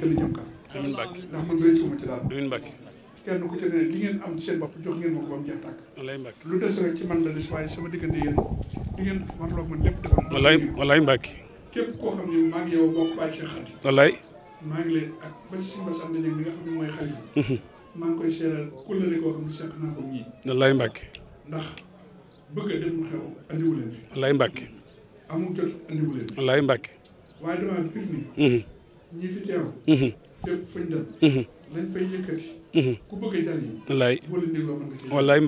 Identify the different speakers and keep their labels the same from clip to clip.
Speaker 1: leen gën a jëm kanam ndax kenn ku ci ne li ngeen am ci seen bopp jox ngeen ma ko lu des ci man la sama diggante yéen li lépp defal wallaay wallaay maa ba si mhm. maa ngi koy seeral kullale la xam ne seq naa ko Mbàkke ndax jot andiwu leen Mbàkke waaye damaa bir ni ñi fi teew. Mhm. fépp fuñ dem. Mhm. lañ fay yëkkati. Mhm. ku bëgg a jariñ. wallaay boo ci. wallaay rek moo doon kàddu yi. wallaay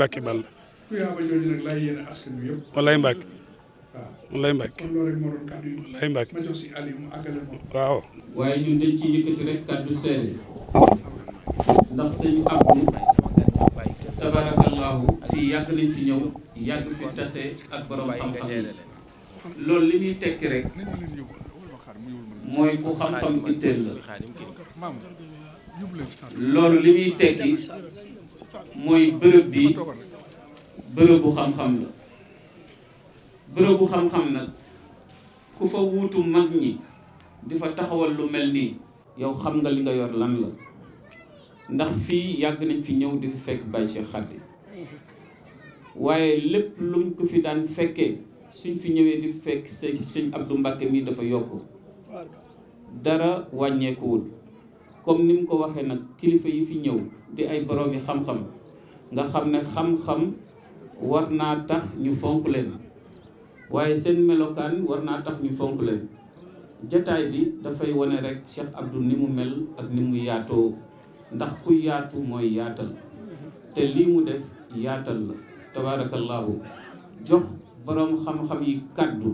Speaker 1: Mbacke ma jox si Aliou
Speaker 2: fii yàgg nañ fi ñëw yàgg fi tase ak borom loolu li muy tekki rek.
Speaker 1: mooy ku xam-xam itteel
Speaker 2: la
Speaker 1: loolu li muy tekki mooy
Speaker 2: bërëb bi bërëbu xam-xam la bërëbu xam-xam nag ku fa wuutu mag ñi di fa taxawal lu mel nii yow xam nga li nga yor lan la ndax fii yàgg nañ fi ñëw di fi fekk Baye Cheikh Khady waaye lépp luñ ko fi daan fekkee suñ fi ñëwee di fekk sëñ Abdou Mbacke mii dafa yokk dara wàññeekuwul comme ni mu ko waxee nag kilifa yi fi ñëw di ay borom yi xam-xam nga xam ne xam-xam war naa tax ñu fonk leen waaye seen melokaan war naa tax ñu fonk leen jataay bi dafay wone rek Cheikh Abdou ni mu mel ak ni mu yaatoo ndax ku yaatu mooy yaatal te lii mu def yaatal la tabaarakallaahu jox boroom xam-xam yi kàddu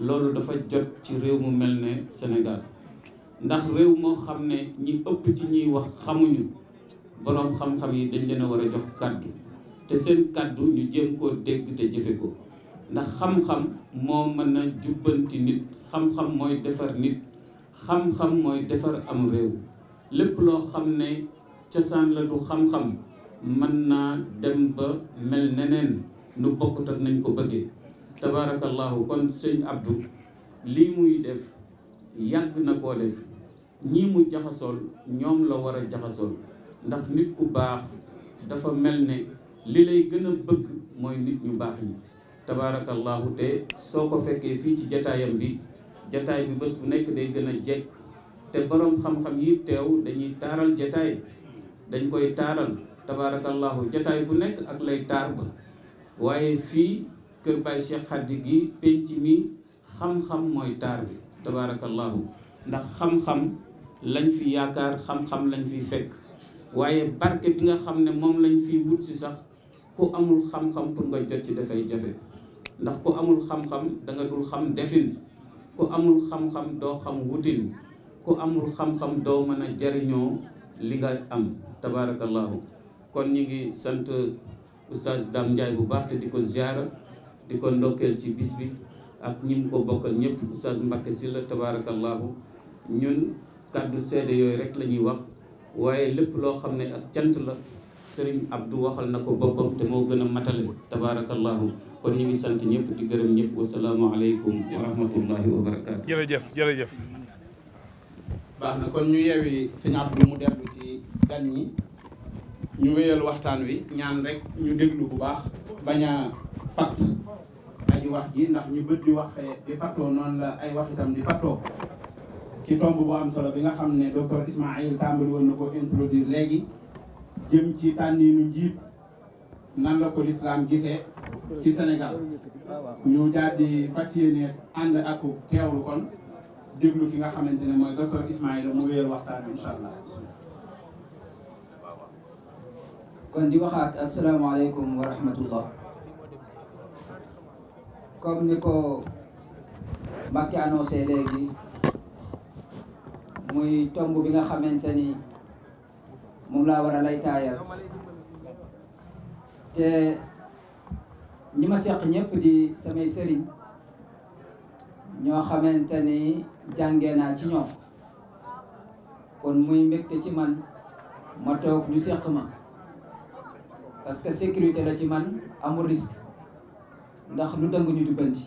Speaker 2: loolu dafa jot ci réew mu mel ne senegal ndax réew moo xam ne ñi ëpp ci ñuy wax xamuñu boroom xam-xam yi dañ leen a war a jox kàddu te seen kàddu ñu jéem koo dégg te jëfe ko ndax xam-xam moo mën a jubbanti nit xam-xam mooy defar nit xam mooy defar am réew lépp loo xam ne cosaan la du xam-xam mën naa dem ba mel neneen nu bokkut ak nañ ko bëggee tabaarakallaahu kon sëñ Abdou lii muy def yàgg na koo def ñii mu jaxasool ñoom la war a jaxasool ndax nit ku baax dafa mel ne li lay gën a bëgg mooy nit ñu baax ñi tabaarakallaahu te soo ko fekkee fii ci jataayam bi jataay bi bés bu nekk day gën a jekk te boroom xam-xam yi teew dañuy taaral jataay dañ koy taaral tabaarakallaahu jataay bu nekk ak lay taar ba waaye fii kër Baye Cheikh Khady gi penc mi xam-xam mooy taar bi tabaarakallaahu ndax xam-xam lañ fi yaakaar xam-xam lañ fi fekk waaye barke bi nga xam ne moom lañ fi wut si sax ku amul xam-xam pour nga jot ci dafay jafe ndax ku amul xam-xam danga dul xam defin ku amul xam-xam doo xam wutin ku amul xam-xam doo mën a jariñoo li nga am tabaarakallaahu kon ñu ngi sant oustaz Dame Ndiaye bu baax te di ko ziara di ko ndokkeel ci bis bi ak ñi mu ko bokkal ñëpp oustaz Mbacke Sylla tabaarakallaahu ñun kàddu seede yooyu rek lañuy wax waaye lépp loo xam ne ak cant la sëriñ Abdou waxal na ko boppam te moo gën a matale tabaarakallaahu kon ñu ngi sant ñëpp di gërëm ñëpp wasalaamualeykum wa rahmatullahi wa baax na kon ñu
Speaker 3: yeewi sëñ Abdou mu dellu ci gan ñi ñu wéyal waxtaan wi ñaan rek ñu déglu bu baax bañ a aji wax ji ndax ñu bët di wax eh, di fattoo noonu la ay wax itam di fattoo ci tomb bu am solo bi nga xam ne docteur Ismaïl tàmbali woon na ko introduire léegi jëm ci tànniinu njiit nan la ko lislaam gisee ci Sénégal ñu daal fas yéene ànd ak teewlu kon déglu ki nga xamante ne mooy docteur Ismaïl mu wéyal waxtaan bi incha allah. kon di waxaat
Speaker 4: asalaamaaleykum wa rahmatullah comme ni ko Mbacké annoncé léegi muy tomb bi nga xamante ni moom laa war a lay taayal te ñi ma seq ñëpp di samay sëriñ ñoo xamante ni jàngee naa ci ñoom kon muy mbégte ci man ma toog ñu seq ma parce que sécurité la ci man amul risque ndax lu dëng ñu jubbanti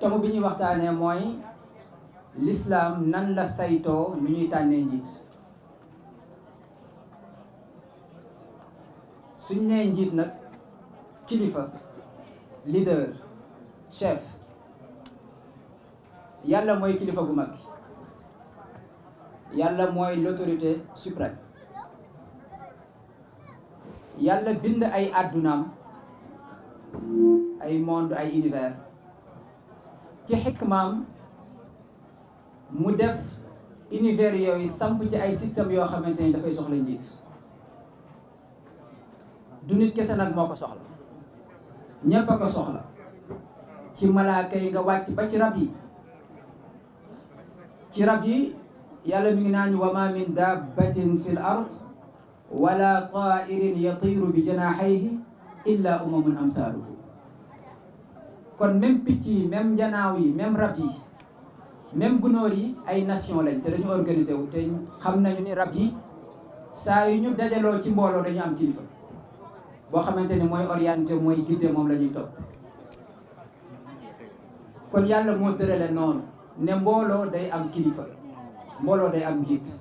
Speaker 4: tomb bi ñuy waxtaanee mooy lislaam nan la saytoo nu ñuy tànnee njiit suñ nee njiit nag kilifa leader chef yàlla mooy kilifa gu mag yàlla mooy lotorité suprême yàlla bind ay àddunaam ay monde ay univers ci xikmaam mu def univers yooyu samp ci ay système yoo xamante ni dafay soxla njiit du nit kese nag moo soxla ñépp soxla ci malaaka yi nga ba ci rab yi ci rab yi yàlla mi ngi naan wa ma min dabbatin fi ard wala tairin yatiiru bi janaahayhi illa umamun amsaalukum kon même picc yi même njanaaw yi même rab yi même gunóor yi ay nation lañ te dañu organisé wu te xam nañu ni rab yi saa yu ñu dajaloo ci mbooloo dañu am kilifa boo xamante ni mooy orienté mooy guidé moom la ñuy topp kon yàlla moo tërale noonu ne mbooloo day am kilifa mbooloo day am njiit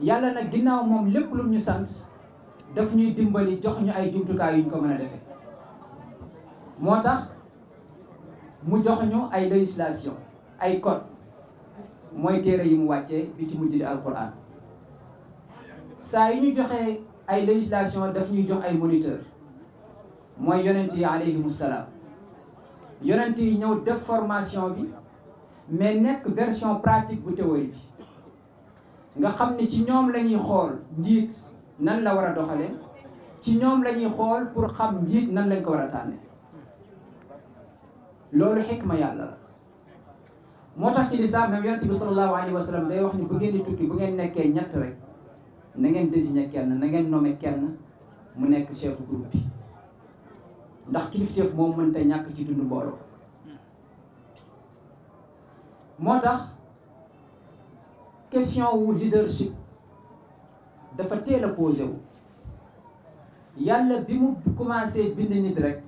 Speaker 4: yàlla nag ginnaaw moom lépp lu ñu sant daf ñuy dimbali jox ñu ay yu ñu ko mën a defee moo tax mu jox ñu ay législation ay code mooy téere yi mu wàccee bi ci mujj di alquran saa yi ñu joxee ay législation daf ñuy jox ay moniteur mooy yonent yi alayhimu salaam yonent yi ñëw def formation bi mais nekk version pratique bu théorie bi nga xam ne ci ñoom la ñuy xool njiit nan la war a doxale ci ñoom lañuy xool pour xam njiit nan lañ ko war a tànne loolu ma yàlla la moo tax ci lislaam même yonent bi sallallahu alayhi wa sallam day wax ni bu ngeen di tukki bu ngeen nekkee ñett rek na ngeen désigné kenn na ngeen nommé kenn mu nekk chef groupe bi ndax kilifteef moom mënta ñàkk ci dund mbooloo moo tax question wu leadership dafa teel a posé yàlla bi mu commencé bind nit rek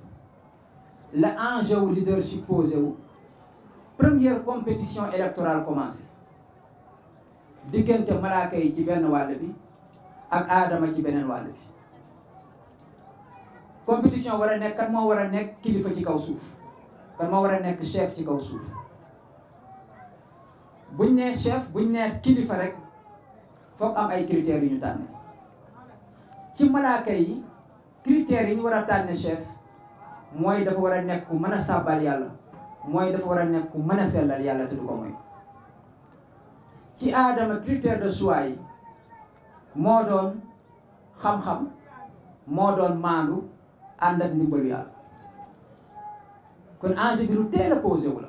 Speaker 4: la enjeu wu leadership posé wu première compétition électorale commencé diggante malaaka yi ci benn wàll bi ak aadama ci beneen wàll bi compétition war a nekk kan moo war a nekk kilifa ci kaw suuf kan moo war a nekk chef ci kaw suuf buñ nee chef buñ nee kilifa rek foog am ay critères yu ñu tànn ci malaaka yi critères yi ñu war a tànn chef mooy dafa war a nekk ku mën a sàbbal yàlla mooy dafa war a nekk ku mën a sellal yàlla te du ko mooy ci aadama critère de choix yi moo doon xam-xam moo doon maandu ànd ak ndimbalu yàlla kon enjeu bi lu teel a la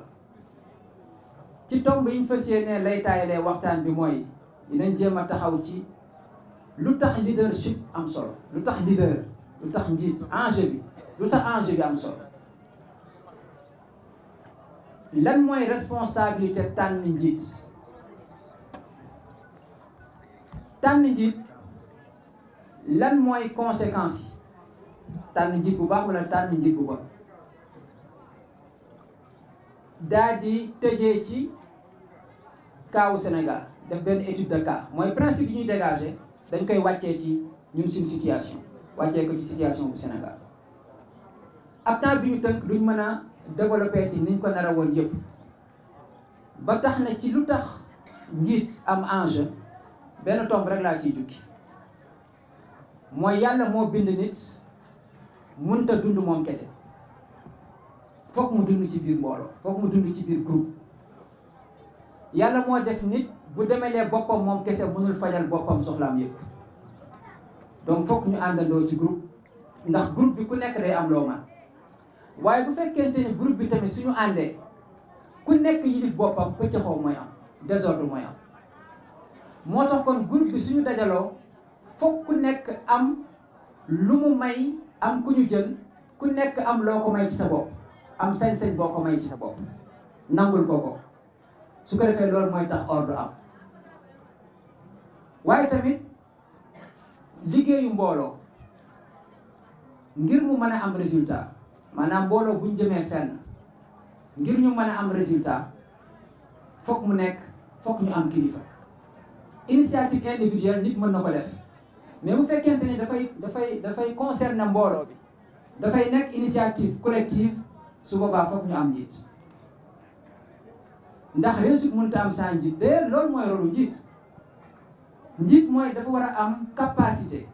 Speaker 4: ci tomb yi ñu fas yéenee lay taayalee waxtaan bi mooy dinañ jéem a taxaw ci lu tax leadership am solo lu tax leader lu tax njiit enjeu bi lu tax enjeu bi am solo lan mooy responsabilité tànn njiit tànn njiit lan mooy conséquence yi tànn njiit bu baax wala tànn njiit bu bon daa tëjee ci kaawu Sénégal def benn étude de cas mooy principe yi ñuy dégager dañ koy wàccee ci ñun suñu situation wàccee ko ci situation bu Sénégal ak temps bi ñu tënk duñ mën a développer ci niñ ko nar a woon yëpp ba tax na ci lu tax njiit am enjeu benn tomb rek laa ciy jukki mooy yàlla moo bind nit mënta dund moom kese foog mu dund ci biir mbooloo foog mu dund ci biir groupe yàlla moo def nit bu demee demelee boppam moom kese mënul fajal boppam soxlaam yëpp donc fokk ñu àndandoo ci groupe ndax groupe bi ku nekk day am loo man waaye bu fekkente ni groupe bi tamit suñu àndee ku nekk yilif boppam pëccëxoo mooy am désordre mooy am moo tax kon groupe bi suñu dajaloo fokk ku nekk am lu mu may am ku ñu jël nekk am loo may ci sa bopp am sañ-sañ boo ko may ci sa bopp nangul ko ko su ko defee loolu mooy tax ordre am waaye tamit liggéeyu mbooloo ngir mu mën a am résultat maanaam mbooloo buñ jëmee fenn ngir ñu mën a am résultat fokk mu nekk fokk ñu am kilifa initiative individuelle nit mën na ko def mais bu fekkente ni dafay dafay dafay concerner mbooloo bi dafay nekk initiative collective su boobaa fokk ñu am njiit ndax réussite mun a am sans njiit d'ailleurs loolu mooy rôle njiit njiit mooy dafa war a am capacité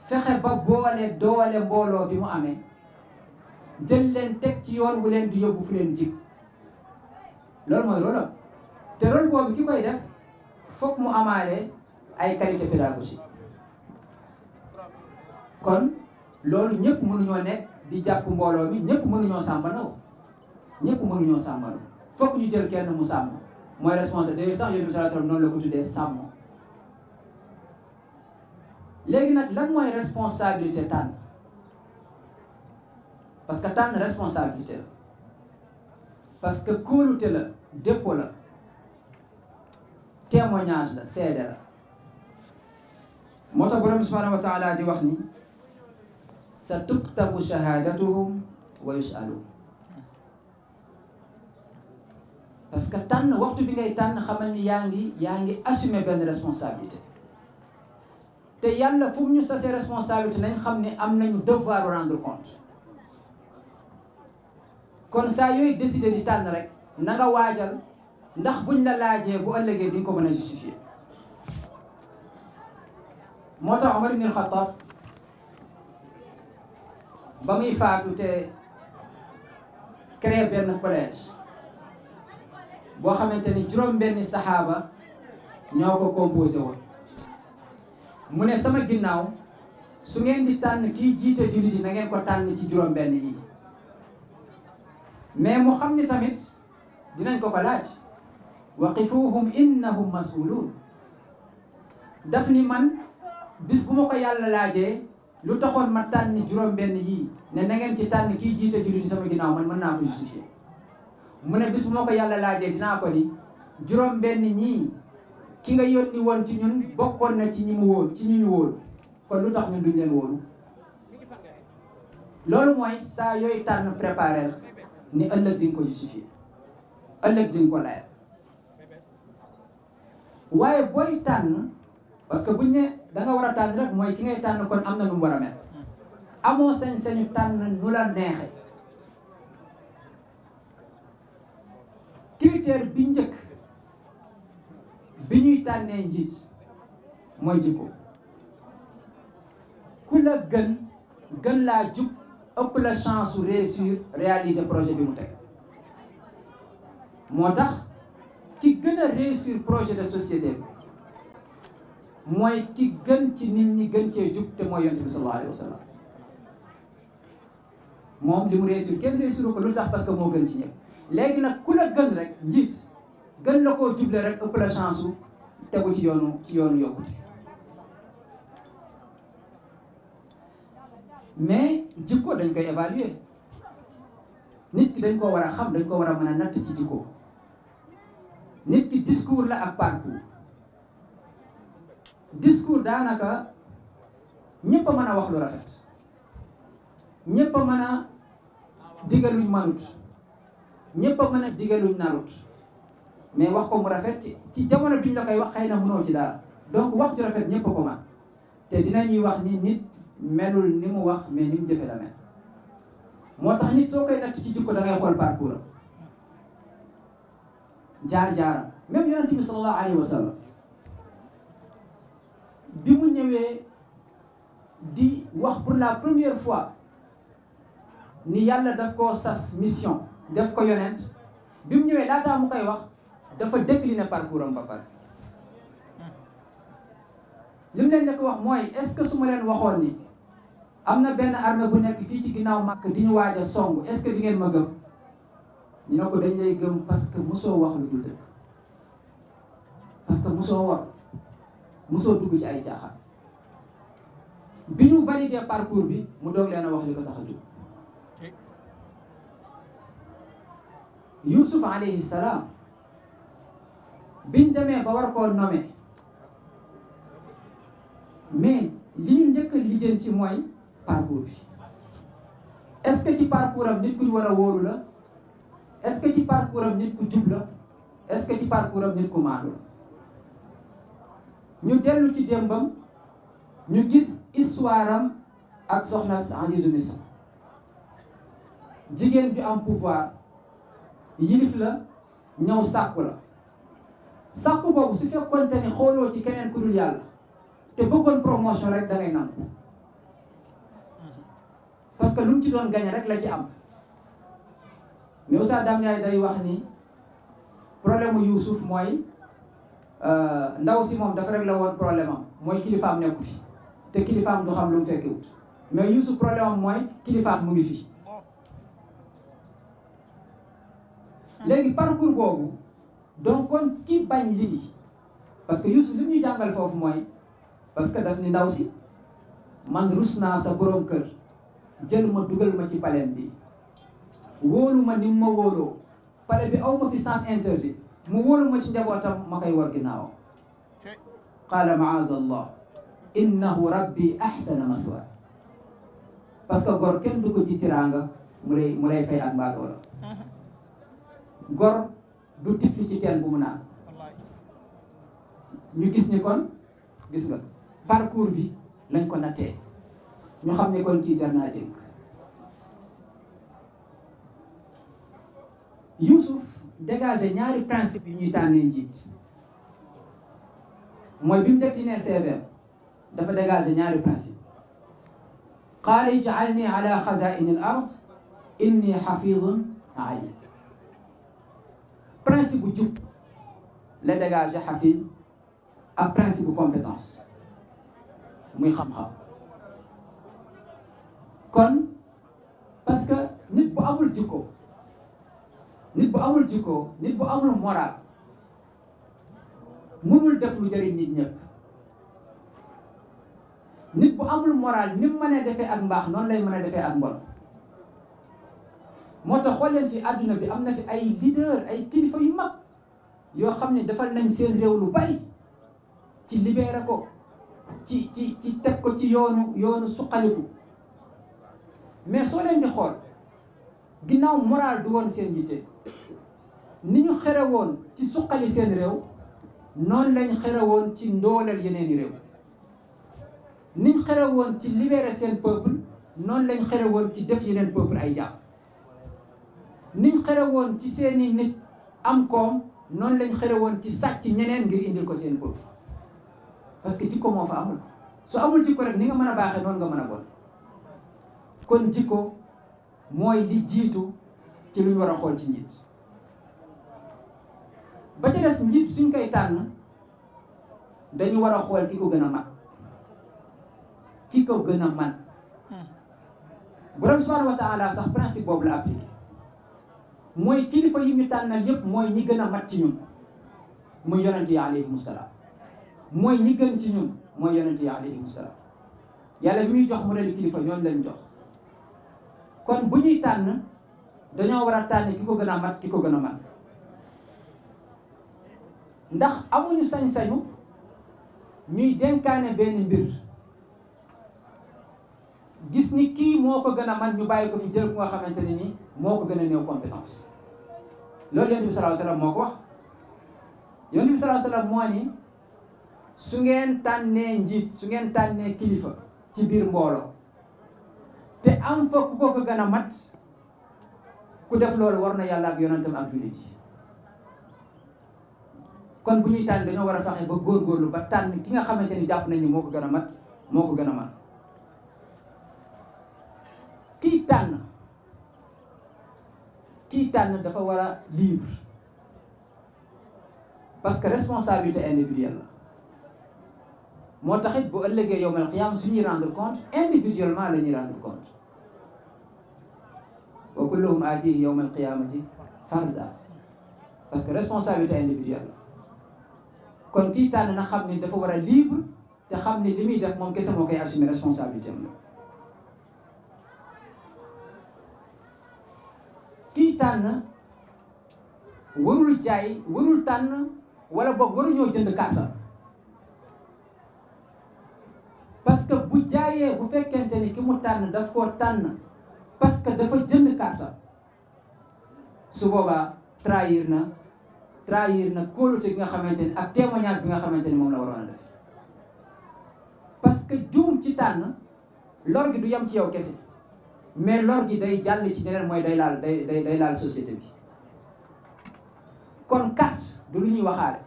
Speaker 4: fexe ba boole doole mbooloo bi mu amee jël leen teg ci yoon bu leen di yóbbu fu leen jig loolu mooy rôle te rôle boobu ki koy def foog mu amaale ay qualité si kon loolu ñëpp munuñoo nekk di jàpp mbooloo mi ñëpp mënuñoo ko ñëpp mënuñoo sàmbandoo foog ñu jël kenn mu sàmm mooy responsable d'ailleurs sax yéen a sallallahu alayhi noonu la ko tuddee sàmm. léegi nag lan mooy responsabilité tànn parce que tànn responsabilité parce que kóolute la dépôt la témoignage la seede la moo tax borom subhanahu wa taala di wax ni sa tuktabu shahadatuhum parce que tànn waxtu bi ngay tànn xamal ni yaa ngi yaa ngi assumer te yàlla fu mu ñu sasee responsabilité nañ xam ne am nañu devoir rendre compte kon saa yooyu décider di tànn rek na waajal ndax buñ la laajee bu ëllëgee di nga ko mën a justifier moo tax Omar ibn Khattab ba muy faatu te créé benn collège boo xamante ni juróom benn saxaaba ñoo ko composé woon mu ne sama ginnaaw su ngeen di tànn kii jiite jullit yi na ko tànn ci juróom-benn yi mais mu xam ni tamit dinañ ko ko laaj waqifuhum innahum mas'uluun daf ni man bis bu ma ko yàlla laajee lu taxoon ma tànn juróom-benn yii ne na ngeen ci tànn kii jiite jullit yi sama ginnaaw man mën naa ko justifier mu ne bis bu ma ko yàlla laajee dinaa ko ni juróom-benn ñii ki nga yónni woon ci ñun bokkoon na ci ñi mu wóolu ci ñi ñu wóolu kon lu tax ñun duñ leen wóolu loolu mooy saa yooyu tànn préparé ni ëllëg di nga ko justifier ëllëg di ko layal waaye booy tànn parce que buñ ne da war a tànn rek mooy ki ngay tànn kon am na nu mu war a mel amoo sañ seen tànn nu la neexe critère bi njëkk bi ñuy tànnee njiit mooy jikko ku la gën gën laa jub ëpp la chance su réussir réaliser projet bi mu teg moo tax ki gën a réussir projet de société mooy ki gën ci nit ñi gën cee jub te mooy yonent bi sallallahu alayhi wa moom li mu réussir kenn réussir ko lu tax parce que moo gën ci ñëpp léegi nag ku la gën rek njiit gën la koo juble rek ëpp la chance su tegu ci yoonu ci yoonu yokkute mais jikko dañ ko évaluer nit ki dañ ko war a xam dañ ko war a mën a natt ci ko nit ki discours la ak parcours discours daanaka ñëpp a mën a wax lu rafet ñëpp a mën a digaluñ manut ñëpp a mën a mais wax ko mu rafet ci ci jamono biñ la koy wax xëy na mënoo ci dara donc wax ju rafet ñëpp ko man te ñuy wax ni nit melul ni mu wax mais ni mu jëfe la mel moo tax nit soo koy natt ci jikko da ngay xool parcours am jaar-jaaram même yonent bi sallallahu alayhi bi mu ñëwee di wax pour la première fois ni yàlla daf ko sas mission def ko yonent bi mu ñëwee laataa mu koy wax dafa décliné parcours am ba pare li mu leen nekk wax mooy est-ce que su leen waxoon ni am na benn armée bu nekk fii ci ginnaaw màkk di ñu waaj a song est-ce que di ngeen ma gëm ñu ko dañ lay gëm parce que mosoo wax lu dul dëgg parce que mosoo war mosoo dugg ci ay caaxaan bi ñu validé parcours bi mu doog leen a wax li ko tax a jóg Yusuf alayhi salaam biñ demee ba war koo nommer mais li ñu njëkk a lijjanti mooy parcours bi est-ce que ci parcours am nit ku ñu war a wóolu la est-ce que ci parcours am nit ku jub la ñu dellu ci démbam ñu gis histoire ak soxna Azizu Missa jigéen ju am pouvoir yilif la ñëw sàkku la sàkku boobu su fekkoonte ni xooloo ci keneen ku dul yàlla te bëggoon promotion rek da ngay parce que lu mu ci doon gañe rek la ci am mais Oustaz Dame Ndiaye day wax ni problème mu Youssouf mooy euh, ndaw si moom dafa rek la woon problème mooy kilifaam nekku fi te kilifaam du xam lu mu fekkewut mais Youssouf problème mooy kilifaam mu ngi fi léegi parcours boobu donc kon kii bañ lii parce que Youssou li ñuy jàngal foofu mooy parce que daf ni ndaw si man rus sa borom kër jël ma dugal ma ci paleem bi wóolu ma ni ma wóoloo aw ma fi sens interdit mu wóolu ma ci njabootam ma koy war ginnaaw qaala maadallah innahu rabbi ahsana maswa parce que gor kenn du ko tiraanga mu lay fay ak mbaagoo la gor du tifli ci bu mu naan ñu gis ni kon gis nga parcours bi lañ ko nattee ñu xam ne kon kii jar naa dénk Youssouf dégagé ñaari principe yu ñuy tànnee njiit mooy bi mu décliné CVM dafa dégagé ñaari principe qaala ij'alnii ala xazaa'ini al ard inni xafidun alim principe bu jub la dégager xafiis ak principe bu compétence muy xam-xam kon parce que nit bu amul jikko nit bu amul jikko nit bu amul moral mënul def lu jëriñ nit ñëpp nit bu amul moral ni ma mënee defee ak mbaax noonu lay mën a defee ak mbon moo tax xool leen fi àdduna bi am na fi ay leader ay kilifa yu mag yoo xam ne defal nañ seen réew lu bari ci libéré ko ci ci ci teg ko ci yoonu yoonu suqaliku mais soo leen di xool ginnaaw moral du woon seen yitte ni ñu xere woon ci suqali seen réew noonu lañ xere woon ci ndooleel yeneeni réew ni ñu xere woon ci libéré seen peuple noonu lañ xere woon ci def yeneen peuple ay jàpp niñ xere woon ci seeni nit am koom noonu lañ xere woon ci sàcc ñeneen ngir indil ko seen bopp parce que jikko moo fa amul su amul jikko rek ni nga mën a baaxe noonu nga mën a bon kon jikko mooy li jiitu ci luñ war a xool ci njiit ba ca des njiit suñ koy tànn dañu war a xool ki ko gën a mag ki ko gën a man hmm. borom subhanahu wa taala sax principe boobu la appliqué mooy kilifa yi ñu tànnal yépp mooy ñi gën a mat ci ñun muy yonent yi alayhimu salaam mooy ñi gën ci ñun mooy yonent yi alayhimu salaam yàlla bi muy jox mu ne kilifa ñooñu lañ jox kon bu ñuy tànn dañoo war a tànn ki ko gën a mat ki ko gën a mat ndax amuñu sañ-sañu ñuy dénkaane benn mbir gis ni kii moo ko gën a man ñu bàyyi ko fi jël ku xamante ne nii moo ko gën a néew compétence loolu yonent bi sallallahu alayhi wa sallam moo ko wax yonent bi sallallahu wa sallam moo ni su ngeen tànnee njiit su ngeen tànnee kilifa ci biir mbooloo te am fa ku ko ko gën a mat ku def loolu war na yàlla ak yonentam ak jullit kon bu ñuy tànn dañoo war a fexe ba góor góorgóorlu ba tànn ki nga xamante ni jàpp nañu moo ko gën a mat moo gën a man tànn kii tànn dafa war a libre parce que responsabilité individuelle la moo taxit bu ëllëgee yowmal qiyaam suñuy rendre compte individuellement la ñuy rendre compte wa kulluhum aatihi yowmal qiyaamati farda parce que responsabilité individuelle la kon kii tànn na xam ni dafa war a libre te xam ni li muy def moom kese moo koy assumer responsabilité am la kiy tànn warul jaay warul tànn wala boog waruñoo jënd kàttan parce que bu jaayee bu fekkente ni ki mu tànn daf koo tànn parce que dafa jënd kàttan su boobaa trahir na trahir na kóolute bi nga xamante ni ak témoignage bi nga xamante ni moom la waroon a def parce que juum ci tànn lor gi du yam ci yow kese mais lor gi day jàll ci leneen mooy day laal day day day laal société bi kon carte du lu ñuy waxaale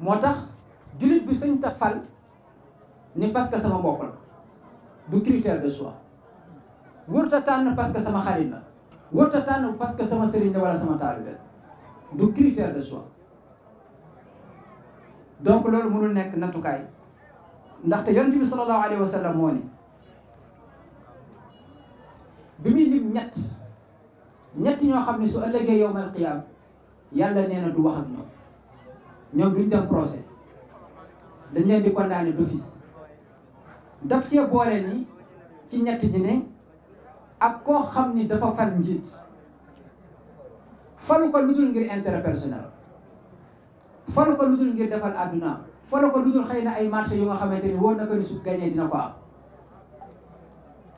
Speaker 4: moo tax jullit bi sëñ ta fal ni parce que sama mbokk la du critère de choix wërta tànn parce que sama xarit la wërta tànn parce que sama sëriñ la wala sama taalibe du critère de choix donc loolu mënul nekk nattukaay ndaxte yonent bi sallallahu alayhi wa moo ni bi muy lim ñett ñett ñoo xam ne su ëllëgee yawmal qiyaam yàlla nee na du wax ak ñoom ñoom duñ dem procès dañ leen di condamné d'office daf cee boole ni ci ñett ñi ne ak koo xam ni dafa fal njiit falu ko lu dul ngir intérêt personnel falu ko lu dul ngir defal àdduna falu ko lu dul xëy na ay marché yu nga xamante ni wóor na ko ni su gañee dina ko am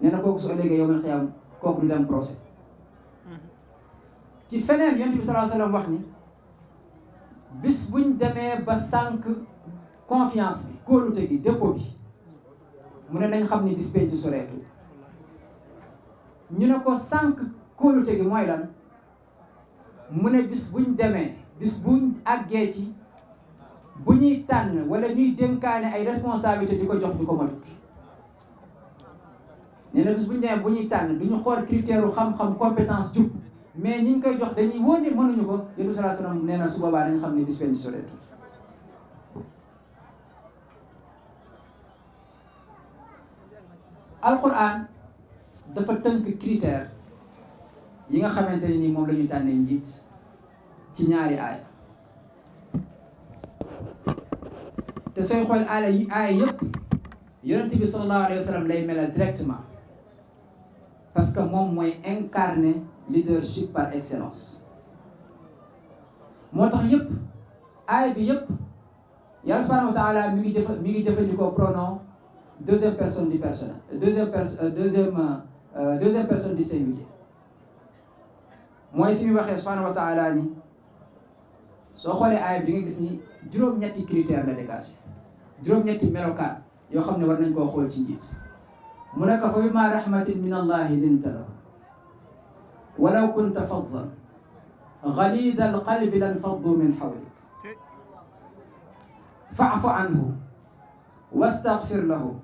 Speaker 4: nee na kooku su ëllëgee yawmal qiyaam kooku du dem procès ci feneen yonent bi sallallahu wax ni bis buñ demee ba sànq confiance bi kóolute gi dépôt bi mu ne nañ xam ni bis penc ñu ne ko sànq kóolute gi mooy lan mu ne bis buñ demee bis buñ àggee ci bu ñuy tànn wala ñuy dénkaane ay responsabilité di ko jox di ko matut nee na bis bu ñu bu ñuy tànn du ñu xool critère xam-xam compétence jub mais ñi ngi koy jox dañuy wóor ne mënuñu ko yéen bi salaa salaam nee su boobaa dañu xam ne bis penc soreetu alquran dafa tënk critère yi nga xamante ne nii moom la ñu tànnee njiit ci ñaari aay te sooy xool aay yi aay yëpp yonent bi sallallahu alayhi wa sallam lay melal directement parce que moom mooy incarner leadership par excellence moo tax yëpp aay bi yëpp yàlla subhanahu wa taala mi ngi jëf mi ngi jëfandikoo pronom deuxième personne du personnel deuxième personne euh, deuxième euh, deuxième personne du singulier mooy fi mu waxee subhanahu wa taala ni soo xoolee aay bi di nga gis ni juróom-ñetti critère la dégagé juróom-ñetti melokaan yoo xam ne war nañ koo xool ci njiit mu ne ko fa bima rahmatin min allahi linta lahu walaw kunta faddan galida alqalbi lan faddu min hawlik faafu anhu wastagfir lahu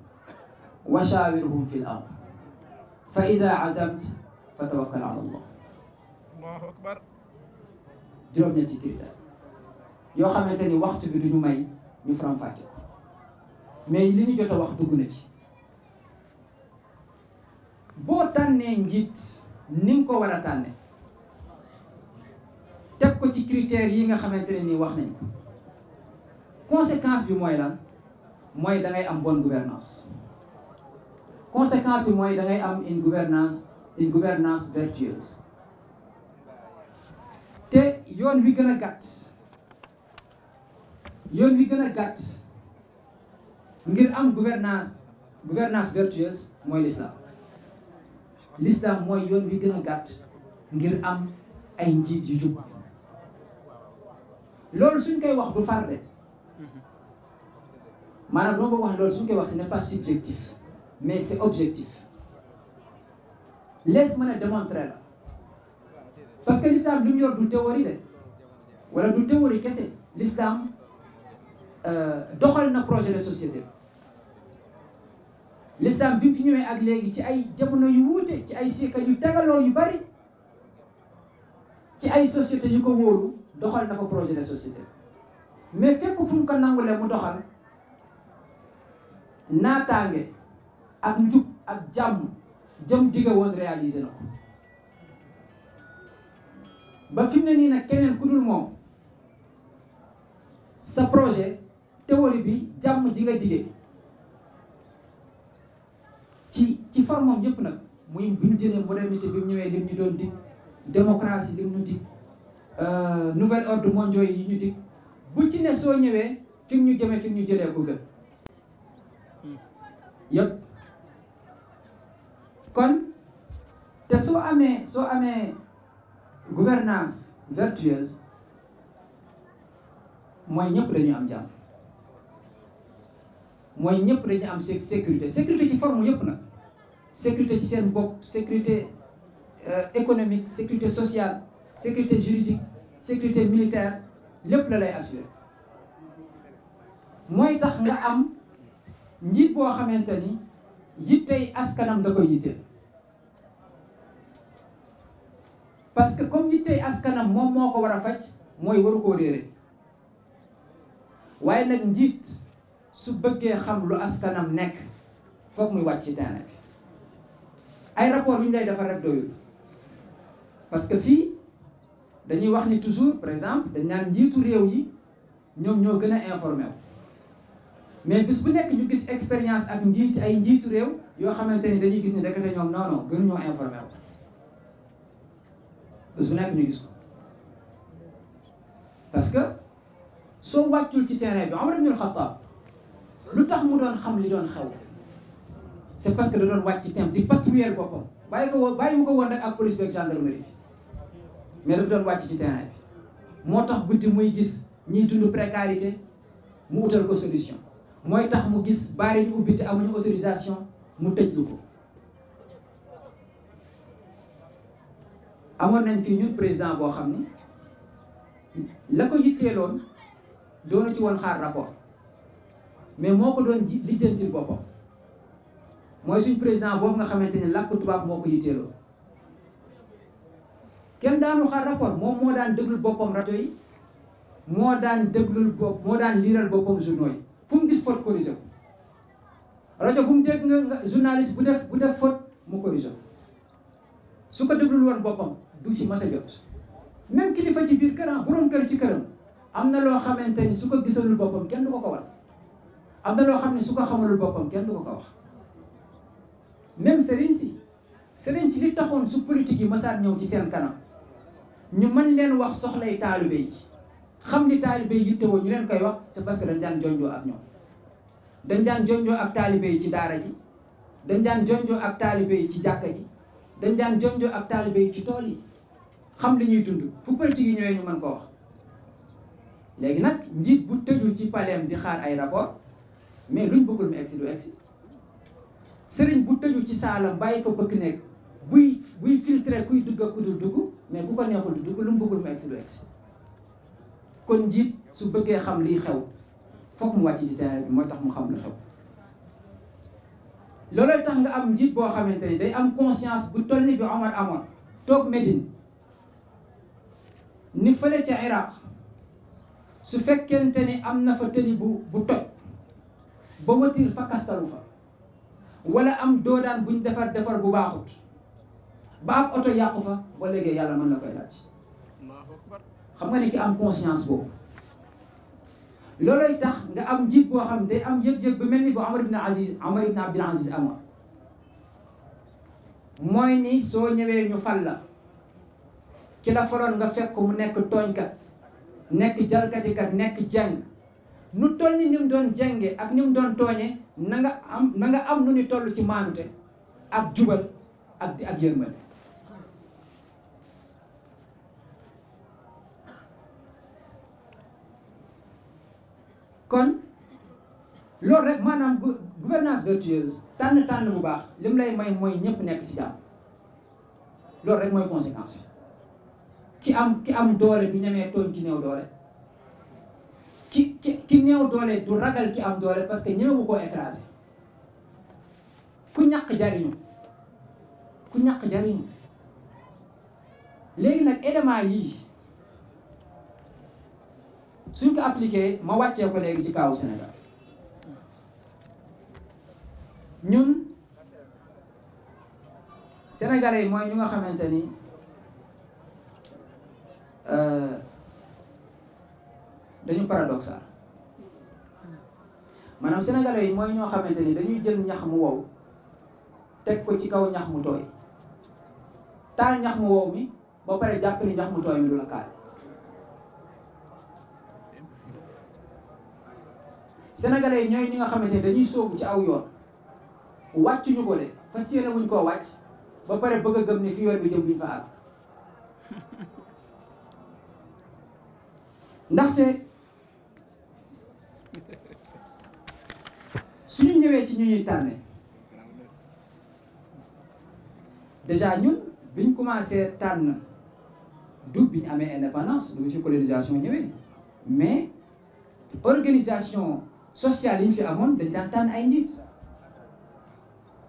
Speaker 4: wa shaawirhum fi l amr fa ida azamta fa tawakkal ala allah allahu akbar juróom-ñetti critère yoo xamante ni waxtu bi du ñu may ñu faram fàcce mais li ñu jot a wax dugg na ci boo tànnee njiit ni nga ko war a tànne teg ko ci critère yi nga xamante ne nii wax nañ ko conséquence bi mooy lan mooy da am bon gouvernance conséquence bi mooy da am in gouvernance in gouvernance vertueuse te yoon wi gën a gàtt yoon wi gën a gàtt ngir am gouvernance gouvernance vertueuse mooy l'islam l'islam mooy yoon wi gën a gàtt ngir am ay njiit yu jub loolu suñ koy wax du farde maanaam doo ko wax loolu suñ koy wax ce n'est pas subjectif mais c'est objectif les mën a démontrer la parce que l'islam lu ñu yor du théorie de wala du théorie kese l'islam euh, doxal na projet de société l'islam bi fi ñëwee ak léegi ci ay jamono yu wuute ci ay siika yu tegaloo yu bari ci ay societé yu ko wóoru doxal na fa projet de société mais fépp fu mu ko nangulee mu doxal naataange ak njub ak jàmm jëm digga woon réalise na ko ba fi na nii nag keneen ku dul moom sa projet te théorie bi jàmm ji nga digee ci ci formam yëpp nag muy bu ñu jëlee modernité bi mu ñëwee lim ñu doon dig démocratie lim ñu dig euh, nouvel ordre mondial yi ñu dig bu ci ne soo ñëwee fi ñu jëmee fi ñu jëlee ko gën yëpp kon te soo amee soo amee gouvernance vertueuse mooy ñëpp dañu am jàmm mooy ñëpp dañu am sécurité sécurité ci forme yëpp nag sécurité ci seen bopp sécurité euh, économique sécurité social sécurité juridique sécurité militaire lépp la lay assurer mooy tax nga am njiit boo xamante ni yittey askanam da koy yitteel parce que comme yittey askanam moom moo ko war a faj mooy waru koo réere waaye nag njiit su bëggee xam lu askanam nekk foog muy wàcc ci terrain bi ay rapport yu ñu lay defar rek doyul parce que fii dañuy wax ni toujours par exemple dañ naan njiitu réew yi ñoom ñoo gën a informé wu bis bu nekk ñu gis expérience ak njiit ay njiitu réew yoo xamante ni dañuy gis ni ndekete ñoom non non gënuñoo informé wu bis bu nekk ñu gis parce que soo wàccul ci terrain bi Omar ibn al Khattab lu tax mu doon xam li doon xew c'est parce que da doon wàcc tem di patrouiller boppam bàyyi ko woon bàyyi mu ko woon rek ak police bi ak gendarmerie bi mais daf doon wàcc ci terrain bi moo tax guddi muy gis ñiy dund précarité mu utal ko solution mooy tax mu gis baari ñu ubbi te amuñu autorisation mu tëj lu ko amoon nañ fii ñu président boo xam ni la ko yitteeloon doonu ci woon xaar rapport mais moo ko doon lijjantil boppam mooy suñ président boobu nga xamante ne làkk tubaab moo ko yitteeloo kenn daanu xaar rapport moom moo daan déglul boppam rajo yi moo daan déglul bopp moo daan liiral boppam journaux yi fu mu gis faute corrigé ko rajo bu mu dégg nga journaliste bu def bu def faute mu corrigé su ko déglul woon boppam dugg ci mas a kilifa ci biir këram ah, borom kër ci këram am na loo xamante ni su ko gisalul boppam kenn du ko ko war am na loo xam ne su ko xamalul boppam kenn du ko ko wax même sëriñ si sëriñ si li taxoon su politique yi masaat ñëw ci seen kanam ñu mën leen wax soxlay taalibe yi xam ni taalibe yi yittewoo ñu leen koy wax c'est parce que dañ daan jonjoo ak ñoom dañ daan jonjoo ak taalibe yi ci daara ji dañ daan jonjoo ak taalibe yi ci jàkka ji dañ daan jonjoo ak taalibe yi ci tool yi xam li ñuy dund fu politique yi ñëwee ñu mën koo wax léegi nag njiit bu tëju ci paleem di xaar ay rapport mais luñ bëggul mu egsi du egsi sëriñ bu tëju ci saalam bàyyi fa bëkk nekk buy buy filtré kuy dugg ak ku dul dugg mais ku ko neexul du dugg lu mu bëggul mu egsi du egsi kon njiit su bëggee xam liy xew foog mu wàcc ci terrain bi mooy tax mu xam lu xew loolooy tax nga am njiit boo xamante ni day am conscience bu toll ni bi Omar amoon toog Médine ni fële ca Iraq su fekkente ni am na fa tëni bu bu toj ba watiir fakkastalu fa wala am doodaan buñ defar defar bu baaxut ba am oto yàqu fa ba léegi yàlla mën na koy laaj xam nga ne ki am conscience boobu looloy tax nga am njiit boo xam day am yëg-yëg bu mel ni bu Amar ibn Aziz Amar ibn mooy ni soo ñëwee ñu fal la ki la faloon nga fekk mu nekk tooñkat nekk jalkatikat nekk jàng nu toll ni ni doon jànge ak ni doon tooñe nanga am na nga am nu ni toll ci maanute ak jubal ak di ak yërmande kon loolu rek maanaam gouvernance vertueuse tànn tànn bu baax li mu lay may mooy ñëpp nekk ci jàmm loolu rek mooy conséquence bi ki am ki am doole bi ñemee tooñ ci néew doole ki ki ki néew doole du ragal ki am doole parce que ñëw mu ko écrasé ku ñàkk jariñu ku ñàkk jariñu léegi nag éléments yii suñ ko appliqué ma wàccee ko léegi ci kaawu Sénégal ñun sénégalais yi mooy ñu nga xamante ni. Euh, dañu paradoxal maanaam sénégalais yi mooy ñoo xamante ni dañuy jël ñax mu wow teg ko ci kaw ñax mu tooy taal ñax mu wow mi ba pare jàpp ni ñax mu tooy mi du la kaal sénégalais yi ñooy ñi nga xamante ni dañuy sóobu ci aw yoon wàccuñu ko de fas yéene wuñ koo wàcc ba pare bëgg a gëm ni fi yoon bi jëm duñ fa àgg ndaxte ñëwee ci ñu ñuy tànne déjà ñun biñ commencé tànn du bi ñu amee indépendance du fi colonisation ñëwee mais organisation sociale yi ñu fi amoon dañ daan tànn ay njiit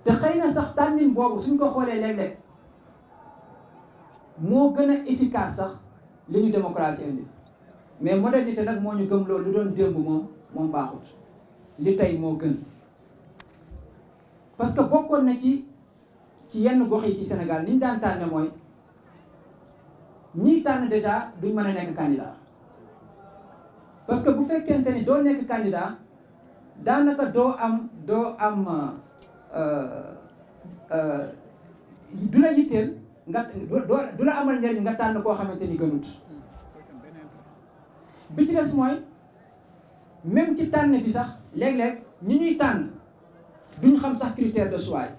Speaker 4: te xëy na sax tànnin boobu suñ ko xoolee léeg-léeg moo gën a efficace sax li ñu démocratie indi mais moo modernité nag moo ñu gëm loolu lu doon démb moom moom baaxut li tey moo gën parce que bokkoon na ci ci yenn gox yi ci Sénégal ni daan tànne mooy ñii tànn déjà duñ mën a nekk candidat parce que bu fekkente ni doo nekk candidat daanaka doo am doo am euh, euh, du la yitteel doo du la amal njëriñ nga tànn koo xamante ni gënut bi ci des mooy même ci tànn bi sax léeg-léeg ñi ñuy tànn duñ xam sax critère de choix yi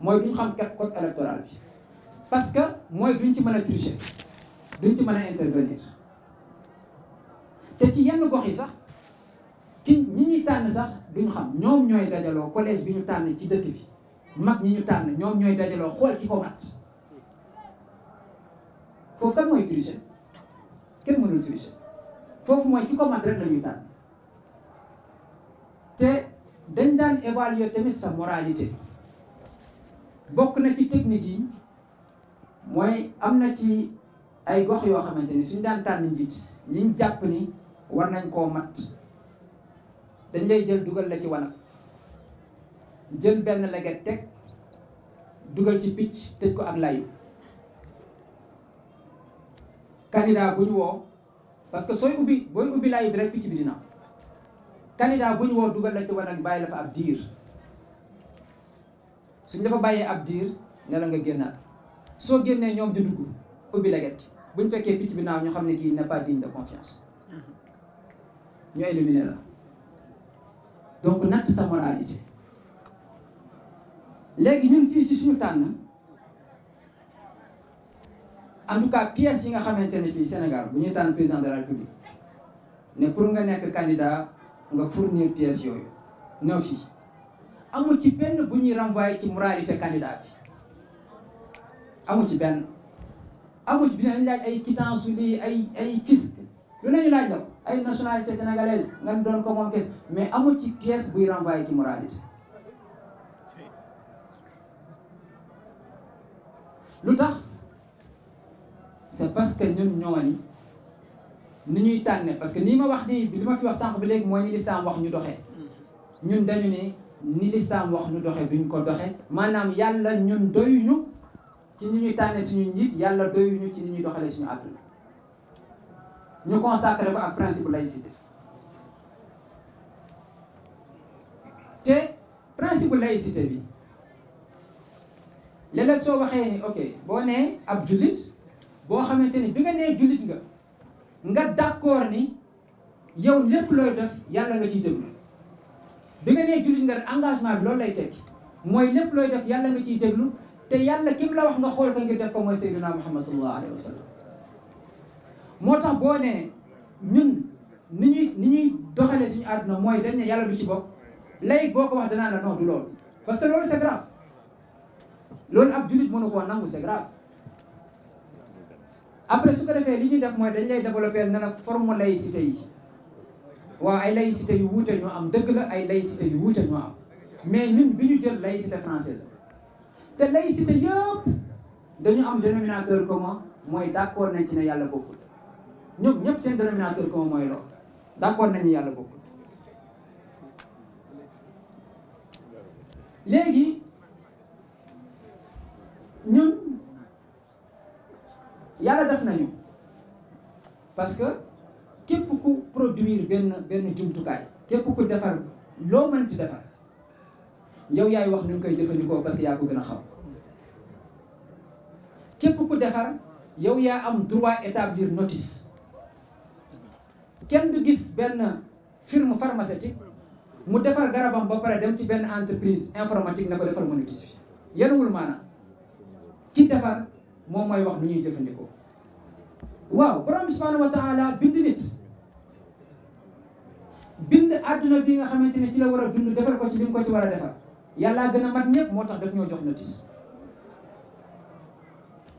Speaker 4: mooy duñ xam kat code électoral bi parce que mooy duñ ci mën a tricher duñ ci man a intervenir te ci yenn gox yi sax ki ñi ñuy tànn sax duñ xam ñoom ñooy dajaloo collège bi ñu tànn ci dëkk bi mag ñi ñu tànn ñoom ñooy dajaloo xool ki ko mat foofu kan mooy tricher kenn mënul tricher foofu mooy ki ko mat rek la ñuy tànn dañ daan évaluer tamit sa moralité bokk na ci technique yi mooy am na ci ay gox yoo xamante ni suñ daan tànn njiit ñiñ jàpp ni war nañ koo mat dañ lay jël dugal la ci wanag jël benn leget teg dugal ci picc tëj ko ak layu candidat bu ñu woo parce que sooy ubbi booy ubbi layu bi rek picc bi dina candidat bu ñu woo dugal la ci wanag bàyyi dafa fa ab diir suñ dafa bàyyee ab diir ne nga génnaat soo génnee ñoom di dugg ubbi leget gi buñ fekkee picc bi naaw ñu xam ne kii n'est pas digne de confiance ñu éliminé la donc natt sa moralité léegi ñun fii ci suñu tànn en tout cas yi nga xamante ne fii Sénégal bu ñu tànn président de la République ne pour nga nekk candidat nga fournir pièces yooyu neuf yi amul ci benn bu ñuy renvoyé ci moralité candidat bi amul ci benn amul ci bi nañ laaj ay quittance lii ay ay fisc lu nañu laaj la ay nationalité sénégalaise nga doon ko mais amul ci pièce buy renvoyé ci moralité lu tax c'est parce que ñun ñoo ni ni ñuy tànne parce que nii ma wax nii li ma fi wax sànq bi léegi moo ni lislaam wax ñu doxee ñun dañu ne ni lislaam wax ñu doxee ñu ko doxe maanaam yàlla ñun doyuñu ci ni ñuy tànne suñu njiit yàlla doyuñu ci ni ñuy doxalee suñu àdduna ñu consacré ko ak principe laïcité te principe laïcité bi léeg soo waxee ni ok boo nee ab jullit boo xamante ni bi nga nee jullit nga nga d'accord ni yow lépp looy def yàlla nga ciy déglu bi nga nee jullit nga engagement bi loolu lay tekki mooy lépp looy def yàlla nga ciy déglu te yàlla kim la wax nga xool ko ngir def ko mooy Seydina Muhammad sallallahu alayhi wa sallam moo tax boo nee ñun ni ñuy ni ñuy doxalee suñu àdduna mooy dañ ne yàlla du ci bokk lay boo ko wax danaa la non du loolu parce que loolu c'est grave loolu ab jullit mënu koo nangu c'est grave après su ko defee li ñuy def mooy dañ lay développer na la forme laïcité yi waaw ay laïcité yu wuute ñoo am dëgg la ay laïcité yu wuute ñoo am mais ñun bi ñu jël laïcité française te laïcité yëpp dañu am dénominateur commun mooy d'accord nañ ci ne yàlla bokkul ñoom ñëpp seen dénominateur commun mooy loolu d'accord nañu yàlla bokkut léegi ñun yàlla def nañu parce que képp ku produire benn benn jumtukaay képp ku defar loo mënti defar yow yaay wax nu ñu koy jëfandikoo parce que yaa ko gën a xam képp ku defar yow yaa am droit établir notice kenn du gis benn firme pharmaceutique mu defar garabam ba pare dem ci benn entreprise informatique na ko defar ma notice bi yenwul maanaam ki defar moom mooy wax nu ñuy jëfandikoo waaw borom subhanahu wa taala bind nit bind àdduna bi nga xamante ne ci la war a dund defal ko ci li nga ko ci war a defal yàllaa gën a mat ñëpp moo tax daf ñoo jox notice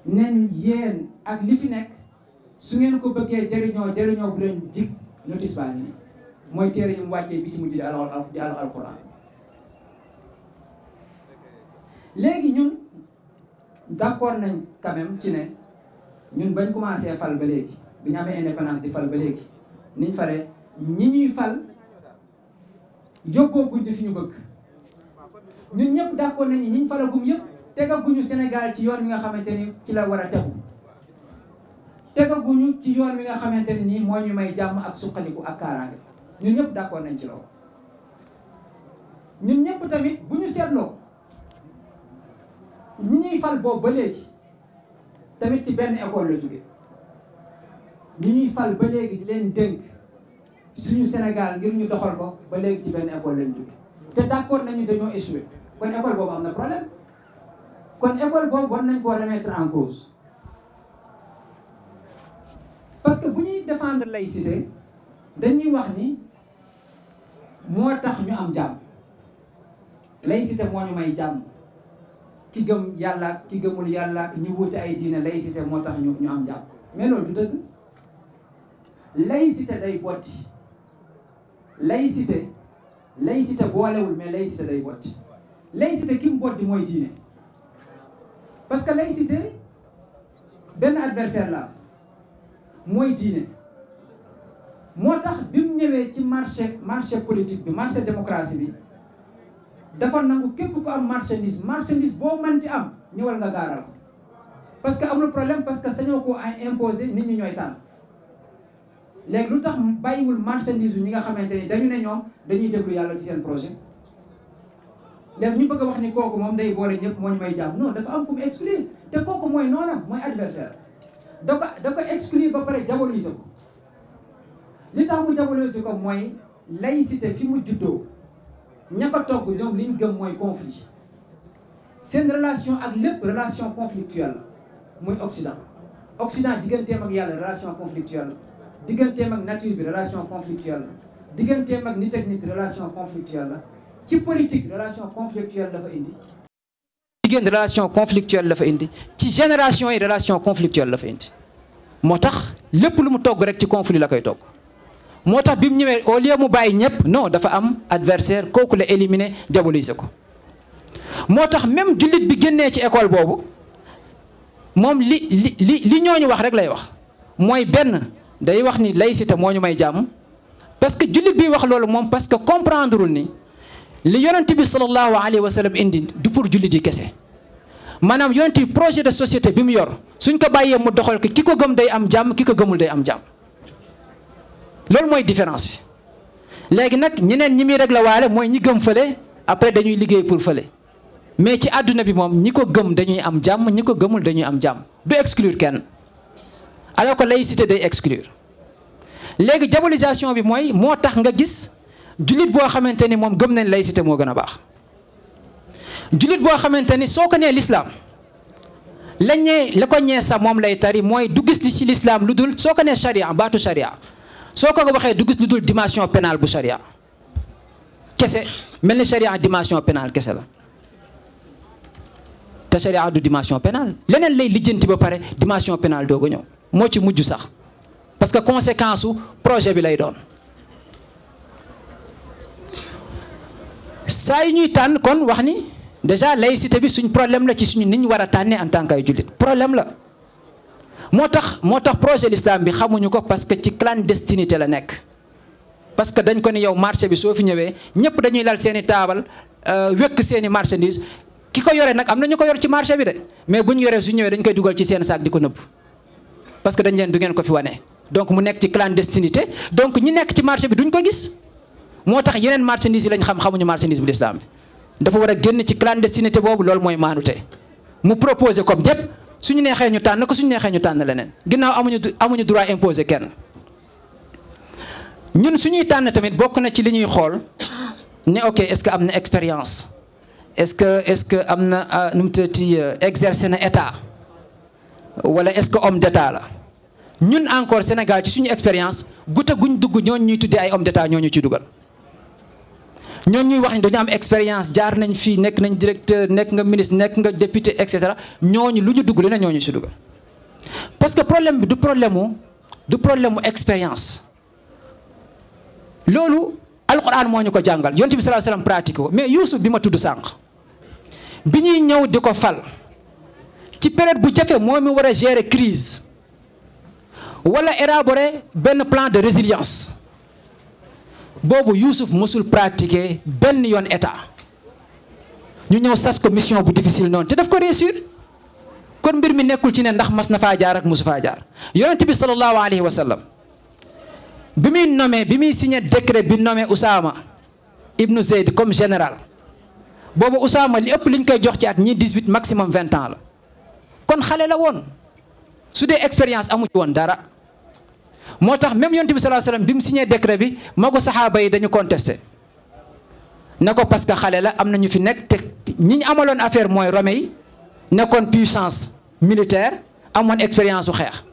Speaker 4: nen yéen ak li fi nekk su ngeen ko bëggee jëriñoo jëriñoo bu leen dig notice baa ngi mooy téere yi wàccee bi ci mujj di al di al alquran léegi ñun d'accord nañ quand même ci ne ñun bañ commencé fal ba léegi bi ñu amee indépendance di fal ba léegi niñ fare ñi ñuy fal yóbboo guñ fi ñu bëgg ñun ñëpp d'accord nañ ñi ñu falagum yëpp tegaguñu Sénégal ci yoon wi nga xamante ni ci la war a tegu tegaguñu ci yoon wi nga xamante ne nii moo ñu may jàmm ak suqaliku ak kaaraange ñun ñëpp d'accord nañ ci loolu ñun ñëpp tamit bu ñu seetloo. ñi ñuy fal boobu ba léegi tamit ci benn école la jóge ñi ñuy fal ba léegi di leen dénk suñu Sénégal ngir ñu doxal ko ba léegi ci benn école lañ jóge te d'accord nañu dañoo échoué kon école boobu am na problème kon école boobu war nañ koo remettre en cause parce que bu ñuy défendre laïcité dañuy wax ni moo tax ñu am jàmm laïcité moo ñu may jàmm ki gëm yàlla ak ki gëmul yàlla ak ñu wuute ay diine laïcité moo tax ñu ñu am jàpp mais loolu du dëgg laïcité day botti laïcité laïcité boolewul mais laïcité day botti laïcité ki mu botti mooy diine parce que laïcité benn adversaire la mooy diine moo tax bi mu ñëwee ci marché marché politique bi marché démocratie bi dafa nangu képp ko am marchandise marchandise boo mënti am ñëwal nga gaaral ko parce que amul problème parce que sañoo ko ay imposé nit ñi ñooy tànn léegi lu tax bàyyiwul marchandise yu ñi nga xamante ni dañu ne ñoom dañuy déglu yàlla ci seen projet léegi ñu bëgg wax ni kooku moom day boole ñëpp moo ñu may jàmm non dafa am ku mu exclure te kooku mooy noonam mooy adversaire da ko da ko exclure ba pare diaboliser ko li tax mu diaboliser ko mooy laïcité fi mu juddoo ña ko togg ñoom liñ gëm mooy conflit seen relation ak lépp relation conflictuelle muy Occident Occident digganteem ak yàlla relation conflictuelle digganteem ak nature bi relation conflictuelle digganteem ak nit ak nit relation conflictuelle la ci politique relation conflictuelle dafa indi jigéen relation conflictuelle dafa indi ci génération yi relation conflictuelle dafa indi moo tax lépp lu mu togg rek ci conflit la koy togg moo tax bi mu ñëwee au lieu mu bàyyi ñëpp non dafa am adversaire kooku la éliminer diaboliser ko moo tax même jullit bi génnee ci école boobu moom li li li li ñooñu wax rek lay wax mooy benn day wax ni lay laïcité moo ñu may jàmm parce que jullit bi wax loolu moom parce que comprendrewul ni li yonent bi sallallahu alayhi wa sallam indi du pour jullit yi kese maanaam yonent yi projet de société bi mu yor suñ ko bàyyee mu doxal ki ko gëm day am jàmm ki ko gëmul day am jàmm loolu mooy différence bi léegi nag ñeneen ñi muy réglé waale mooy ñi gëm fële après dañuy liggéey pour fële mais ci àdduna bi moom ñi ko gëm dañuy am jàmm ñi ko gëmul dañuy am jàmm du exclure kenn alors que laïcité day exclure léegi diabolisation bi mooy moo tax nga gis jullit boo xamante ni moom gëm nañ laïcité moo gën a baax jullit boo xamante ni soo ko nee lislaam lañ ne la ko ñee sa moom lay tari mooy du gis li ci lislaam lu dul soo ko nee charia baatu charia soo ko waxee du gis lu dul dimension pénal bu charia kese mel ni charia dimension pénal kese la te charia du dimension pénale leneen lay lijjanti ba pare dimension pénal doo ko ñëw moo ci mujj sax parce que conséquence su projet bi lay doon. saa yi ñuy tànn kon wax ni déjà si bi suñ problème la ci suñu ni ñu war a tànnee en tant que ay jullit problème la. moo tax moo tax projet l'islam bi xamuñu ko parce que ci clandestinité la nekk parce que dañ ko ni yow marché bi soo fi ñëwee ñëpp dañuy lal seen i taabal euh, wékk seen i marchandise ki ko yore nag am na ñu ko yor ci marché bi de mais bu ñu yoree su ñëwee dañ koy dugal ci seen saak di ko nëbb parce que leen du ko fi wane. donc mu nekk ci clandestinité donc ñu nekk ci marché bi duñ ko gis moo tax yeneen marchandise yi lañ xam xamuñu marchandise bu l'islam bi dafa war a génn ci clandestinité boobu loolu mooy maanute mu proposé comme ñëpp. su ñu neexee ñu tànn ko suñu neexee ñu tànn leneen ginnaaw amuñu amuñu droit imposé kenn ñun suñuy tànn tamit bokk na ci li ñuy xool ne ok est-ce que am na expérience est-ce que est-ce que am na ah, nu mu tëddee euh, na état wala est-ce que homme d'état la ñun encore Sénégal ci suñu expérience guta guñ dugg ñooñu ñuy tuddee ay homme d'état ñoo ñu ci dugal. ñoom ñuy wax ni dañu am expérience jaar nañ fii nekk nañ directeur nekk nga ministre nekk nga député et cetera ñooñu lu ñu dugg leneen ñooñu si dugal parce que problème bi du problème mu du problème mu expérience loolu alquran moo ñu ko jàngal yonent bi salaa salaam pratique ko mais Yuusuf bi ma tudd sànq bi ñuy ñëw di ko fal ci période bu jafe moo mi war a gere crise wala élaborer benn plan de résilience boobu Youssouf mësul pratiquer benn yoon état ñu ñëw sas ko bu difficile noonu te daf ko réussir kon mbir mi nekkul ci ne ndax mas na faa jaar ak mosu faa jaar yonent bi sallallahu alayhi wa sallam bi muy nommé bi muy signé décret bi nommé Usaama ibnu Zeyd comme général boobu Usaama li ëpp liñ koy jox ci at ñi 18 maximum 20 ans la kon xale la woon su dee expérience amu woon dara. moo tax même yonent bi salaa salaam bi mu signé décret bi magu saxaaba yi dañu contesté ne ko parce que xale la am na ñu fi nekk te ñi ñu amaloon affaire mooy Rome yi nekkoon puissance militaire amoon expérience su xeex